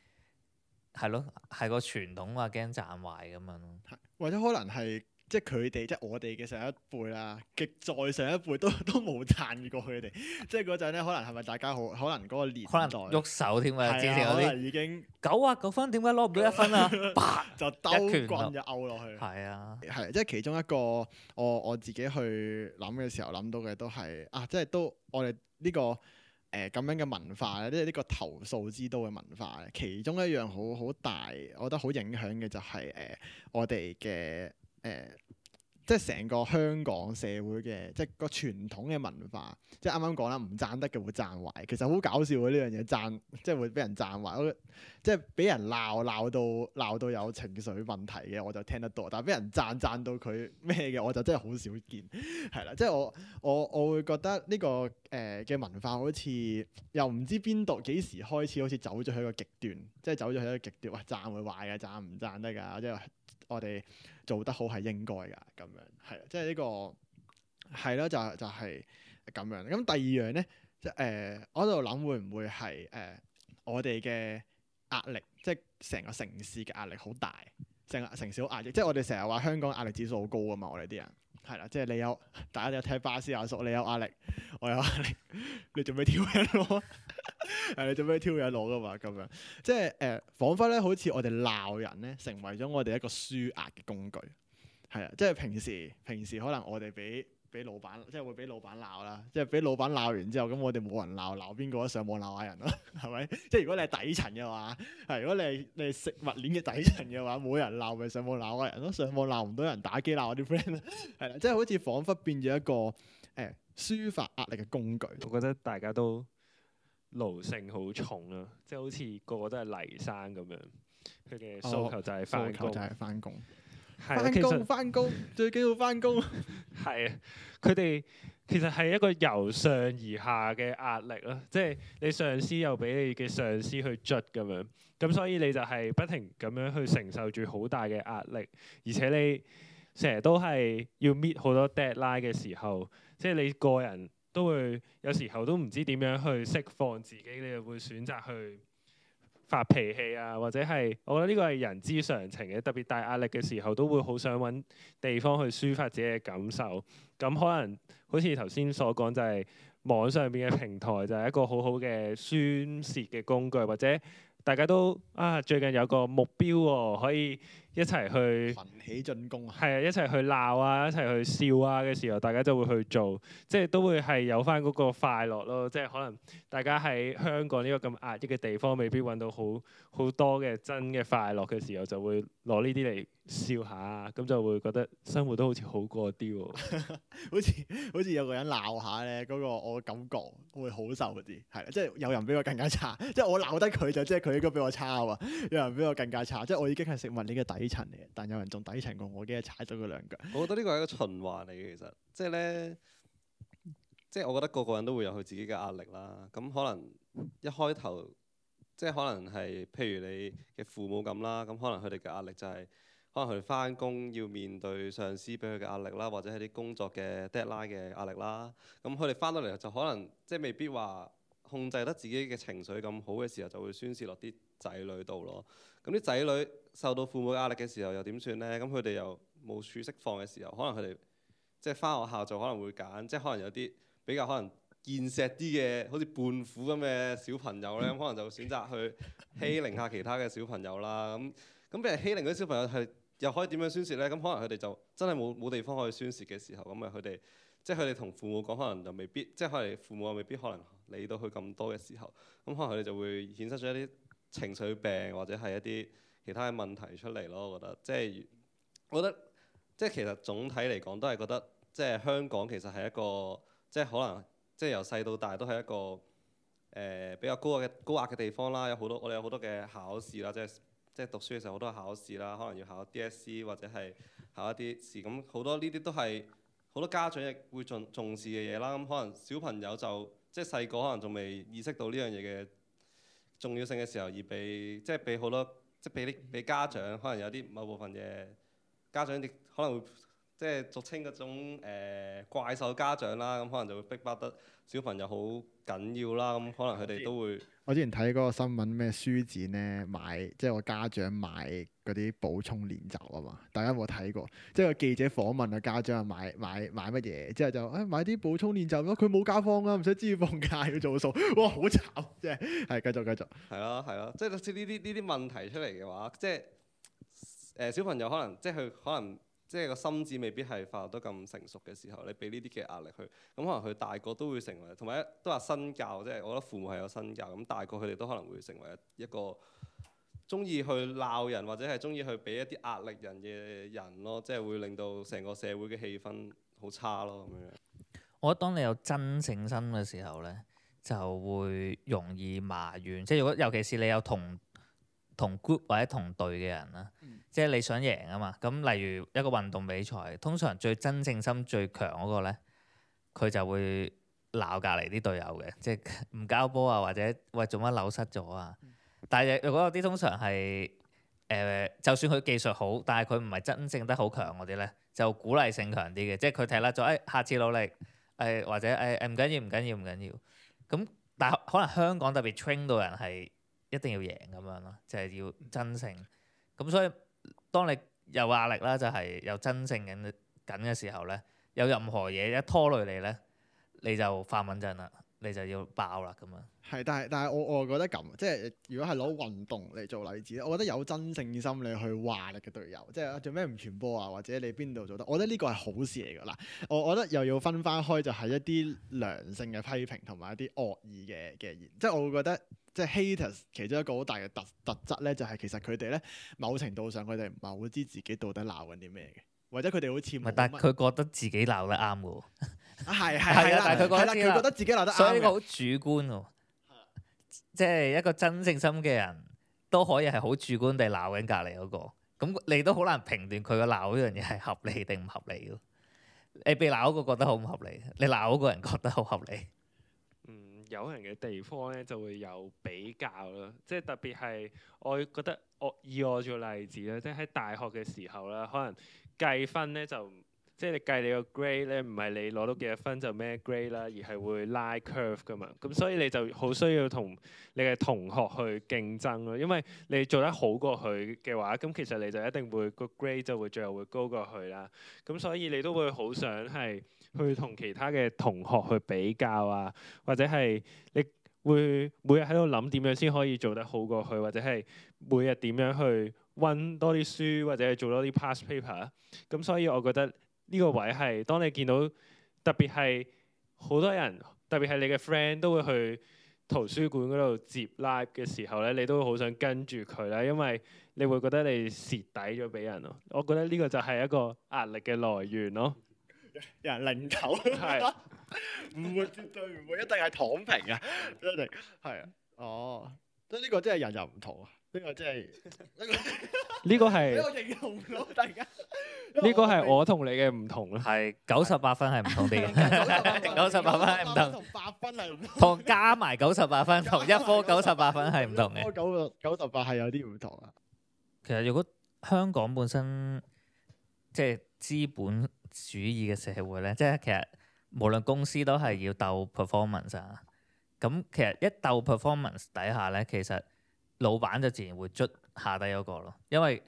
係咯，係個傳統話驚讚壞咁樣咯，或者可能係。即係佢哋，即係我哋嘅上一輩啦，極再上一輩都都冇讚過佢哋。 即係嗰陣咧，可能係咪大家好？可能嗰個年代喐手添啊？之前我哋已經九啊九分，點解攞唔到一分啊？ 就兜棍就勾落去。係啊，係。即係其中一個我，我我自己去諗嘅時候諗到嘅都係啊，即係都我哋呢、這個誒咁、呃、樣嘅文化咧，即係呢個投訴之都嘅文化，其中一樣好好大，我覺得好影響嘅就係誒我哋嘅。誒、呃，即係成個香港社會嘅，即係個傳統嘅文化，即係啱啱講啦，唔讚得嘅會讚壞，其實好搞笑嘅呢樣嘢，讚即係會俾人讚壞，即係俾人鬧鬧到鬧到有情緒問題嘅，我就聽得多，但係俾人讚讚到佢咩嘅，我就真係好少見，係啦，即係我我我會覺得呢、這個誒嘅、呃、文化好似又唔知邊度幾時開始好似走咗去一個極端，即係走咗去一個極端，喂讚會壞嘅，讚唔讚得㗎？即係我哋。做得好係應該㗎，咁樣係，即係對呢個係咯，就就係咁樣。咁第二樣咧，即係我喺度諗會唔會係誒，我哋嘅、呃、壓力，即係成個城市嘅壓力好大，成個城市好壓力。即、就、係、是、我哋成日話香港壓力指數好高啊嘛，我哋啲人係啦，即係、就是、你有大家有睇巴士阿叔，你有壓力，我有壓力， 你做咩跳起咯？ 係、啊、你做咩挑嘢攞嘅嘛？咁樣即係誒、呃，仿佛咧，好似我哋鬧人咧，成為咗我哋一個紓壓嘅工具。係啊，即係平時平時可能我哋俾俾老闆，即係會俾老闆鬧啦。即係俾老闆鬧完之後，咁我哋冇人鬧，鬧邊個上網鬧下人咯，係咪？即係如果你係底層嘅話，係如果你係你係食物鏈嘅底層嘅話，冇人鬧咪上網鬧下人咯，上網鬧唔到人打機鬧我啲 friend 咯，係啦，即係好似仿佛變咗一個誒抒、欸、發壓力嘅工具。我覺得大家都。勞性好重咯、啊，即係好似個個都係泥山咁樣，佢嘅訴求就係翻工，係、哦、啊，班其實翻工最緊要翻工。係 啊，佢哋其實係一個由上而下嘅壓力咯、啊，即係你上司又俾你嘅上司去捽咁樣，咁所以你就係不停咁樣去承受住好大嘅壓力，而且你成日都係要 meet 好多 deadline 嘅時候，即係你個人。都會有時候都唔知點樣去釋放自己，你就會選擇去發脾氣啊，或者係我覺得呢個係人之常情嘅。特別大壓力嘅時候，都會好想搵地方去抒發自己嘅感受。咁可能好似頭先所講、就係，就係網上面嘅平台就係一個好好嘅宣泄嘅工具，或者大家都啊最近有個目標喎、哦，可以。一齊去奮起進攻啊，係啊！一齊去鬧啊，一齊去笑啊嘅時候，大家就會去做，即係都會係有返嗰個快樂咯。即係可能大家喺香港呢個咁壓抑嘅地方，未必揾到好好多嘅真嘅快樂嘅時候，就會攞呢啲嚟笑下，咁就會覺得生活都好似好過啲喎。 好似好似有個人鬧下呢，嗰個我感覺會好受啲，係啦，即係有人比我更加差。即係我鬧得佢就即係佢應該比我差喎。有人比我更加差，即係我已經係食埋你嘅底。底層嘅，但有人仲底層過我嘅，踩咗佢兩腳。我覺得呢個係一個循環嚟嘅，其實即係咧，即係我覺得個個人都會有佢自己嘅壓力啦。咁可能一開頭，即係可能係譬如你嘅父母咁啦，咁可能佢哋嘅壓力就係、是、可能佢哋翻工要面對上司俾佢嘅壓力啦，或者係啲工作嘅 deadline 嘅壓力啦。咁佢哋翻到嚟就可能即係未必話控制得自己嘅情緒咁好嘅時候，就會宣泄落啲仔女度咯。咁啲仔女受到父母壓力嘅時候又點算呢？咁佢哋又無處釋放嘅時候，可能佢哋即係返學校就可能會揀，即係可能有啲比較可能健碩啲嘅，好似胖虎咁嘅小朋友呢，咁 可能就選擇去欺凌下其他嘅小朋友啦。咁咁俾人欺凌啲小朋友係又可以點樣宣泄呢？咁可能佢哋就真係冇冇地方可以宣泄嘅時候，咁咪佢哋即係佢哋同父母講，可能就未必，即係父母又未必可能理到佢咁多嘅時候，咁可能佢哋就會衍生咗一啲。情緒病或者係一啲其他嘅問題出嚟咯，我覺得即係我覺得即係其實總體嚟講都係覺得即係香港其實係一個即係可能即係由細到大都係一個誒、呃、比較高壓嘅高壓嘅地方啦。有好多我哋有好多嘅考試啦，即係即係讀書嘅時候好多考試啦，可能要考 DSE 或者係考一啲試咁，好多呢啲都係好多家長亦會重重視嘅嘢啦。咁可能小朋友就即係細個可能仲未意識到呢樣嘢嘅重要性嘅時候而畀即係畀好多即係畀啲畀家長，家長可能有啲某部分嘅家長啲可能會即係俗稱嗰種、呃、怪獸家長啦，咁可能就會逼迫得小朋友好緊要啦，咁可能佢哋都會我之前睇嗰個新聞咩書展咧買即係個家長買。嗰啲補充練習啊嘛，大家有冇睇過？即係個記者訪問啊，家長啊，買買買乜嘢？之後就誒買啲補充練習咯。佢冇假放啊，唔使知付放假要做數，哇！好慘，即係係繼續繼續。係咯係咯，即係好似呢啲呢啲問題出嚟嘅話，即係誒小朋友可能即係佢可能即係個心智未必係發育得咁成熟嘅時候，你俾呢啲嘅壓力佢，咁可能佢大個都會成為。同埋都話身教，即係我覺得父母係有身教，咁大個佢哋都可能會成為一個。中意去鬧人或者係中意去俾一啲壓力人嘅人咯，即係會令到成個社會嘅氣氛好差咯咁樣。我覺得當你有爭勝心嘅時候呢，就會容易埋怨。即係如果尤其是你有同同 group 或者同隊嘅人啦，嗯、即係你想贏啊嘛。咁例如一個運動比賽，通常最爭勝心最強嗰個呢，佢就會鬧隔離啲隊友嘅，即係唔交波啊，或者喂做乜扭失咗啊。嗯但係如果有啲通常係誒、呃，就算佢技術好，但係佢唔係真正得好強嗰啲咧，就鼓勵性強啲嘅，即係佢踢甩咗，誒、哎、下次努力，誒、哎、或者誒誒唔緊要唔緊要唔緊要。咁、哎哎、但可能香港特別 train 到人係一定要贏咁樣咯，就係、是、要真性。咁所以當你有壓力啦，就係、是、有真性緊緊嘅時候咧，有任何嘢一拖累你咧，你就發穩陣啦。你就要爆啦咁啊！係，但係但係我我覺得咁，即係如果係攞運動嚟做例子咧，我覺得有真正心理去話你嘅隊友，即係做咩唔傳播啊，或者你邊度做得，我覺得呢個係好事嚟㗎。嗱，我我覺得又要分翻開，就係一啲良性嘅批評同埋一啲惡意嘅嘅言，即係我會覺得即係 haters 其中一個好大嘅特特質咧，就係、是、其實佢哋咧某程度上佢哋唔係好知自己到底鬧緊啲咩嘅，或者佢哋好似唔係，但係佢覺得自己鬧得啱㗎喎。 係係係啦，係啦，佢、 啊、 覺得自己鬧得啱， 是所以個好主觀喎。 即係一個真正心嘅人都可以係好主觀地鬧緊隔籬嗰、那個。咁你都好難評斷佢嘅鬧呢樣嘢係合理定唔合理咯。你被鬧嗰個覺得好唔合理，你鬧嗰個人覺得好合理。嗯，有人嘅地方咧就會有比較咯，即係特別係，我覺得我以我做例子咧，即係喺大學嘅時候咧，可能計分咧就。即係你計你個 grade 咧，唔係你攞到幾多分就咩 grade 啦，而係會拉 curve 噶嘛。咁所以你就好需要同你嘅同學去競爭咯，因為你做得好過佢嘅話，咁其實你就一定會個 grade 就會最後會高過佢啦。咁所以你都會好想係去同其他嘅同學去比較啊，或者係你會每日喺度諗點樣先可以做得好過佢，或者係每日點樣去温多啲書或者係做多啲 past paper。咁所以我覺得。呢個位係，當你見到特別係好多人，特別係你嘅 friend 都會去圖書館嗰度接 live 嘅時候咧，你都會好想跟住佢啦，因為你會覺得你蝕底咗俾人咯。我覺得呢個就係一個壓力嘅來源咯。有人領頭，唔會絕對唔會，一定係躺平啊，一定係啊。哦，所以呢個真係人人唔同啊。呢個真係呢 個係是呢 個係我同你嘅唔同咯。係九十八分係唔同啲嘅，九十八分係唔同。八分係唔同，同。加同加埋九十八分，同一科九十八分係唔同嘅。九九十八係有啲唔同啊。其實如果香港本身即係資本主義嘅社會咧，即係其實無論公司都係要鬥 performance 啊。咁其實一鬥 performance 底下咧，其實老闆就自然會捽下底嗰個咯，因為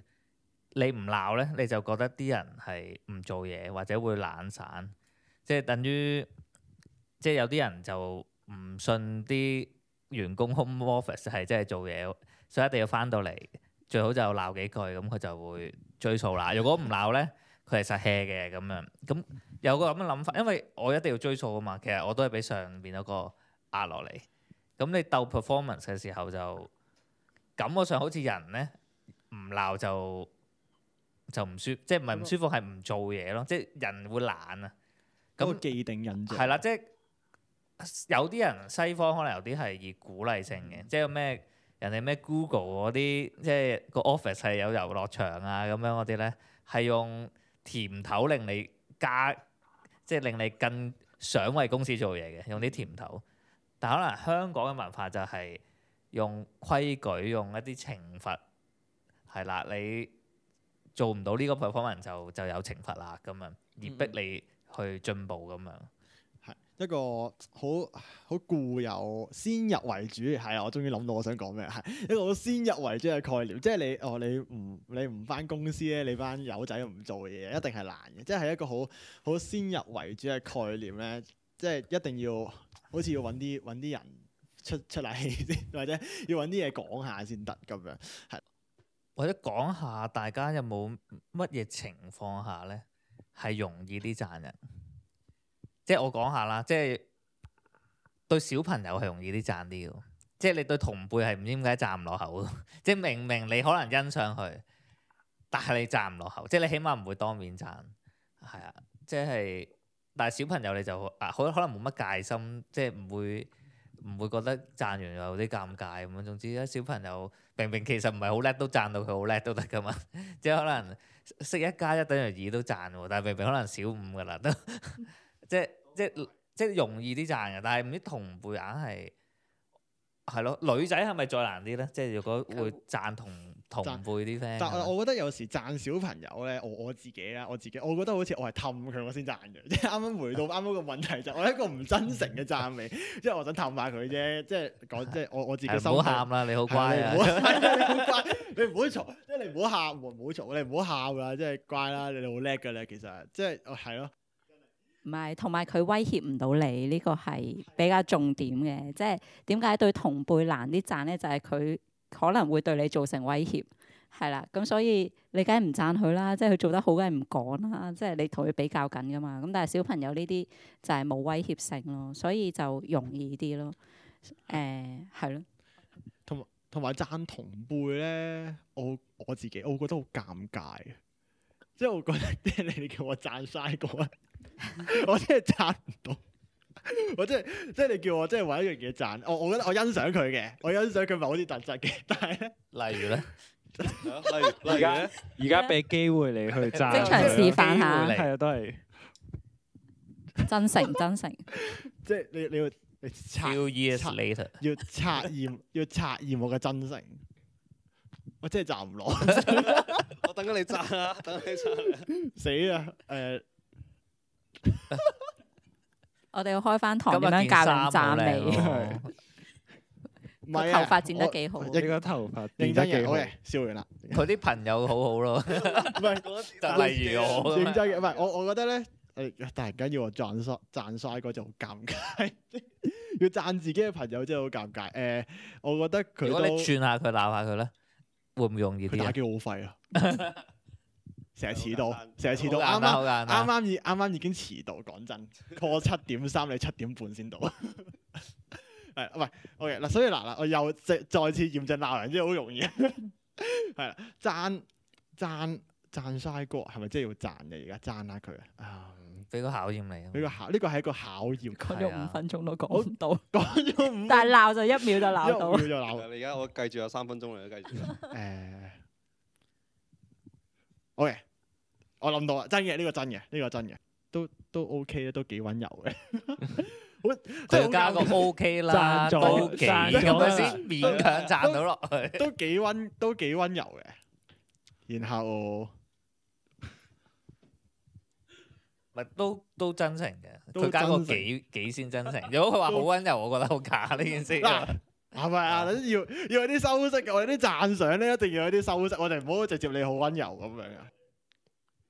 你唔鬧呢，你就覺得啲人係唔做嘢或者會懶散，即係等於即係有啲人就唔信啲員工 home office 係真係做嘢，所以一定要返到嚟最好就鬧幾句，咁佢就會追數啦。如果唔鬧呢，佢係實 hea 嘅咁樣。咁有個咁嘅諗法，因為我一定要追數啊嘛。其實我都係俾上邊嗰個壓落嚟，咁你鬥 performance 嘅時候就。感覺上好似人咧唔鬧就就唔舒，即係唔係唔舒服係唔做嘢咯，即係人會懶啊。咁既定印象係啦，即係有啲人西方可能有啲係以鼓勵性嘅、嗯，即係咩人哋咩 Google 啲，即係個 office 係有遊樂場啊咁樣嗰啲咧，係用甜頭令你加，即係令你更想為公司做嘢嘅，用啲甜頭。但可能香港嘅文化就係、是。用規矩，用一啲懲罰，係啦，你做唔到呢個 performance 就就有懲罰啦，咁樣而逼你去進步咁、嗯、樣。係一個好好固有先入為主，係啊，我終於諗到我想講咩，係一個好先入為主嘅概念，即係你哦，你唔你唔返公司咧，你班友仔唔做嘢一定係難嘅，即係一個好好先入為主嘅概念咧，即係一定要好似要揾啲揾啲人。出出嚟氣先，或者要揾啲嘢講下先得咁樣，或者講下大家有冇乜嘢情況下咧係容易啲讚人？即係我講下啦，即係對小朋友係容易啲讚啲嘅，即係你對同輩係唔知點解讚唔落口，即係明明你可能欣賞佢，但係你讚唔落口，即係你起碼唔會當面讚，係啊，即係但係小朋友你就啊可可能冇乜戒心，即係唔會。唔會覺得讚完有啲尷尬咁啊！總之咧，小朋友明明其實唔係好叻，都讚到佢好叻都得噶嘛。 即係可能識一加一等於二都讚喎，但係明明可能小五噶啦，都 即係 即係 即係 容易啲讚嘅。但係唔知同輩硬係係咯，女仔係咪再難啲咧？即係如果會讚同。 同輩啲 friend、啊、但我覺得有時贊小朋友咧，我我自己啦，我自己，我覺得好似我係氹佢，我先贊嘅，即係啱啱回到啱啱個問題就， 我係一個唔真誠嘅贊美，即係 我想氹下佢啫，即係講即係我我自己收。唔好喊啦，你好乖啊！你唔好嘈，即係你唔好喊，唔好嘈，你唔好喊㗎，即係乖啦，你哋好叻㗎，你其實即係係咯。唔係，同埋佢威脅唔到你，呢、這個係比較重點嘅。即係點解對同輩難啲贊咧？就係、是、佢，可能會對你造成威脅，係啦，咁所以你梗係唔讚佢啦，即係佢做得好梗係唔講啦，即係你同佢比較緊㗎嘛，咁但係小朋友呢啲就係冇威脅性咯，所以就容易啲咯，誒係咯。同同埋讚同輩咧，我我自己我覺得好尷尬，即係我覺得啲人你叫我讚晒個，我真係讚唔到。我即係即係你叫我即係為一樣嘢讚，我我我欣賞佢嘅，我欣賞佢某啲特質嘅，但係咧，例如咧，例例而家，而家俾機會你去讚，即場示範下，係啊，都係 真誠真誠， 即係你你要要測測，要測驗要測驗我嘅真誠，我真係讚唔落， 我等緊你讚啊，等你讚啊， 死啊，誒、uh。 我哋要開返堂咁樣教兩讚你？個 頭髮剪得幾好，啊、好？依個頭髮認真好。笑完啦。佢啲朋友好好咯。唔係，例如我認真嘅，唔係 我我覺得咧誒，突然間要我讚晒讚衰嗰種尷尬，要讚自己嘅朋友真係好尷尬。誒，我覺得佢 你串下佢鬧下佢咧，會唔容易啲打機好廢啊！ 成日遲到，成日遲到，啱啱啱啱已啱啱已經遲到，講真 call 七點三， 3, 你七點半先到，係唔 OK 嗱，okay, 所以嗱嗱，我又即再次驗證鬧人真係好容易，係 啦，讚讚讚曬過，係咪真係要讚嘅？而家讚下佢啊，俾個考驗你啊，俾個考呢個係一個考驗，講咗五分鐘都講唔到，講咗五， 但係鬧就一秒就鬧到，而家 我計住有三分鐘嚟，繼續誒。呃 O.K.，我諗到啦，真嘅呢、呢個真嘅，呢、呢個真嘅，都都 O.K. 啊，都幾溫柔嘅，好，再加個 O.K. 啦，了都幾，咁咪先勉強讚到落去？都幾溫，都幾溫柔嘅。然後，咪 都都真誠嘅，佢加個幾真幾先真誠。 如果佢話好溫柔，我覺得好假呢件事。都 係咪啊？要要有啲收息修飾嘅，我有啲讚賞咧，一定要有啲修飾，我哋唔好直接你好溫柔咁樣啊！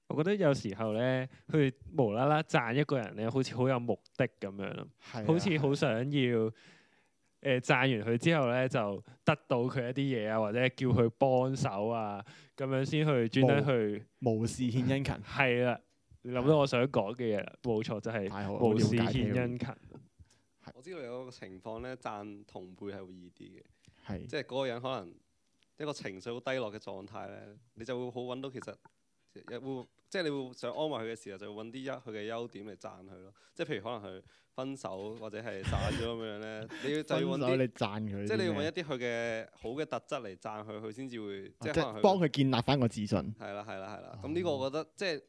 我覺得有時候咧，去無啦啦贊一個人咧，好似好有目的咁樣咯，是啊、好似好想要誒贊、呃、完佢之後咧，就得到佢一啲嘢啊，或者叫佢幫手啊，咁樣先去無專登去無事獻殷勤。係啦， 你諗到我想講嘅嘢啦，冇錯就係、是、無事獻殷勤。我知道有個情況咧，讚同輩係會易啲嘅，是即係嗰個人可能一個情緒好低落嘅狀態咧，你就會好揾到其實會即係你會想安慰佢嘅時候，就揾啲一佢嘅優點嚟讚佢咯。即係譬如可能佢分手或者係散咗咁樣咧， 你要分手你讚佢，即係你要揾一啲佢嘅好嘅特質嚟讚佢，佢先至會即係幫佢建立翻個自信。係啦，係啦，係啦。咁呢、嗯、個我覺得即係。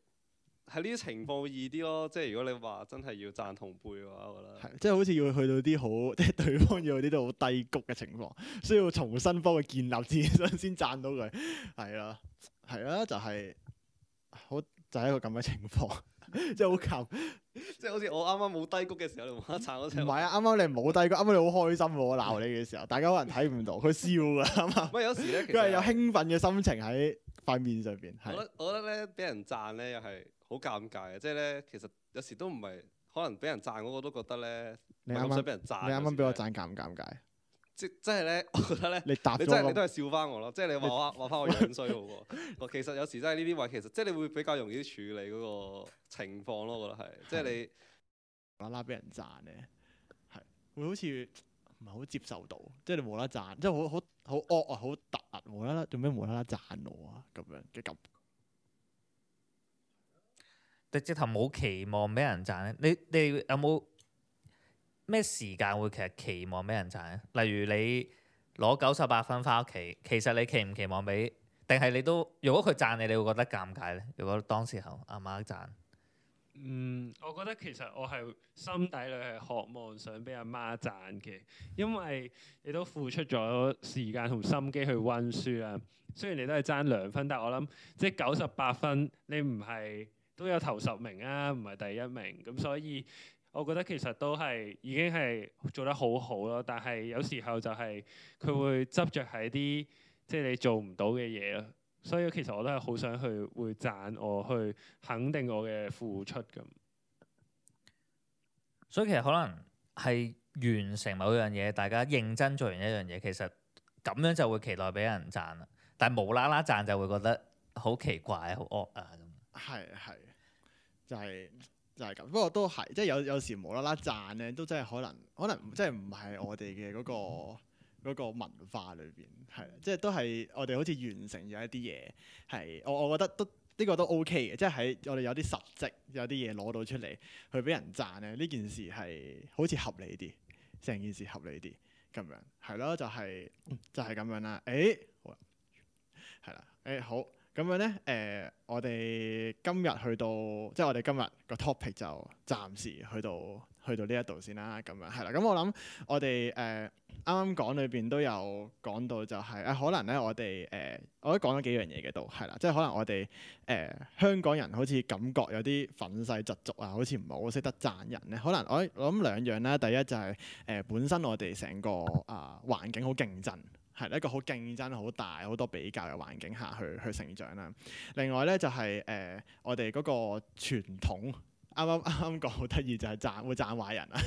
喺呢啲情況易啲咯，即係如果你話真係要讚同輩嘅話，我覺得係 即係好似要去到啲好，即係對方要有啲好低谷嘅情況，需要重新幫佢建立自信先讚到佢，係咯，係啊，就係好就係一個咁嘅情況， 很 即係好近，即係好似我啱啱冇低谷嘅時候，你話讚我唔係啊？啱啱你冇低谷，啱啱你好開心喎，鬧你嘅時候，大家可能睇唔到佢笑啊嘛。唔 係有時佢係有興奮嘅心情喺塊面上邊。我覺得我覺得咧，俾人讚咧又係。 好尷尬啊！即係咧，其實有時都唔係，可能俾人贊我，我都覺得咧，唔想俾人贊。你啱啱俾我贊尷唔尷尬？即即係咧，我覺得咧 答了，你答，你真係你都係笑翻我咯！即係你話話話翻我樣衰好喎。 其實有時真係呢啲話，其實即係你會比較容易處理嗰個情況咯。我覺得係， 即係你無啦啦俾人贊咧，係會好似唔係好接受到。即係你無啦啦贊，即係好好好 odd 啊，好突啊！無啦啦做咩無啦啦贊我啊？咁樣嘅咁。直頭冇期望俾人讚咧，你你有冇咩時間會其實期望俾人讚咧？例如你攞九十八分返屋企，其實你期唔期望俾？定係你都如果佢讚你，你會覺得尷尬咧？如果當時候阿媽讚，嗯，我覺得其實我係心底裏係渴望想俾阿媽讚嘅，因為你都付出咗時間同心機去温書啦。雖然你都係爭兩分，但係我諗即係九十八分，你唔係。都有頭十名啊，唔係第一名咁，所以我覺得其實都係已經係做得好好咯。但係有時候就係佢會執着喺啲即係你做唔到嘅嘢咯。所以其實我都係好想去會讚我，去肯定我嘅付出咁。所以其實可能係完成某樣嘢，大家認真做完一樣嘢，其實咁樣就會期待俾人讚啦。但係無啦啦讚就會覺得好奇怪、好惡啊咁。係係。就係、是、就係、是、咁，不過都係，即係有有時無啦啦讚咧，都真係可能，可能真係唔係我哋嘅嗰個嗰個文化裏邊，係即係都係我哋好似完成咗一啲嘢，係我我覺得都呢、這個都 OK 嘅，即係喺我哋有啲實績，有啲嘢攞到出嚟去俾人讚咧，呢件事係好似合理啲，成件事合理啲咁樣，係咯，就係、是、就係、是、咁樣啦。誒、欸，好啦，係啦，誒、欸、好。咁樣咧，誒、呃，我哋今日去到，即係我哋今日個 topic 就暫時去到，去到呢一度先啦。咁樣係啦，咁我諗我哋誒啱啱講裏邊都有講到、就是，就係誒可能咧，我哋誒我都講咗幾樣嘢嘅度係啦，即係可能我哋誒、呃呃、香港人好似感覺有啲憤世嫉俗啊，好似唔係好識得讚人咧。可能我我諗兩樣啦，第一就係、是、誒、呃、本身我哋成個啊、呃、環境好競爭。係一個好競爭、好大、好多比較嘅環境下去去成長啦。另外咧就係、是、誒、呃、我哋嗰個傳統，啱啱啱講好得意就係、是、讚會讚壞人啊，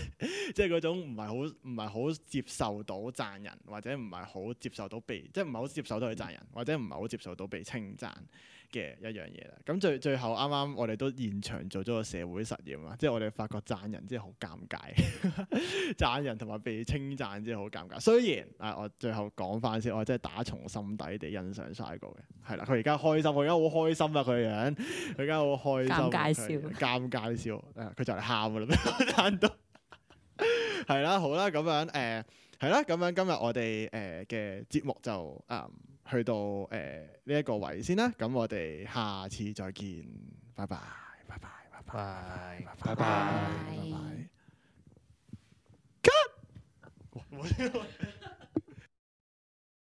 即係嗰種唔係好唔係好接受到讚人，或者唔係好接受到被即係唔係好接受到去讚人，或者唔係好接受到被稱讚。嘅一樣嘢啦，咁最最後啱啱我哋都現場做咗個社會實驗啊，即係我哋發覺讚人真係好尷尬，讚 人同埋被稱讚真係好尷尬。雖然啊，我最後講翻先，我真係打從心底地欣賞晒個嘅，係啦，佢而家開心，佢而家好開心啊！佢而家佢而家好開心尷。尷尬笑， 尷尬笑，誒，佢就嚟喊啦，聽到係啦，好啦，咁樣誒，係、呃、啦，咁樣今日我哋誒嘅節目就誒，呃去到誒呢一個位先啦，咁我哋下次再見，拜拜，拜拜，拜拜，拜拜，拜拜。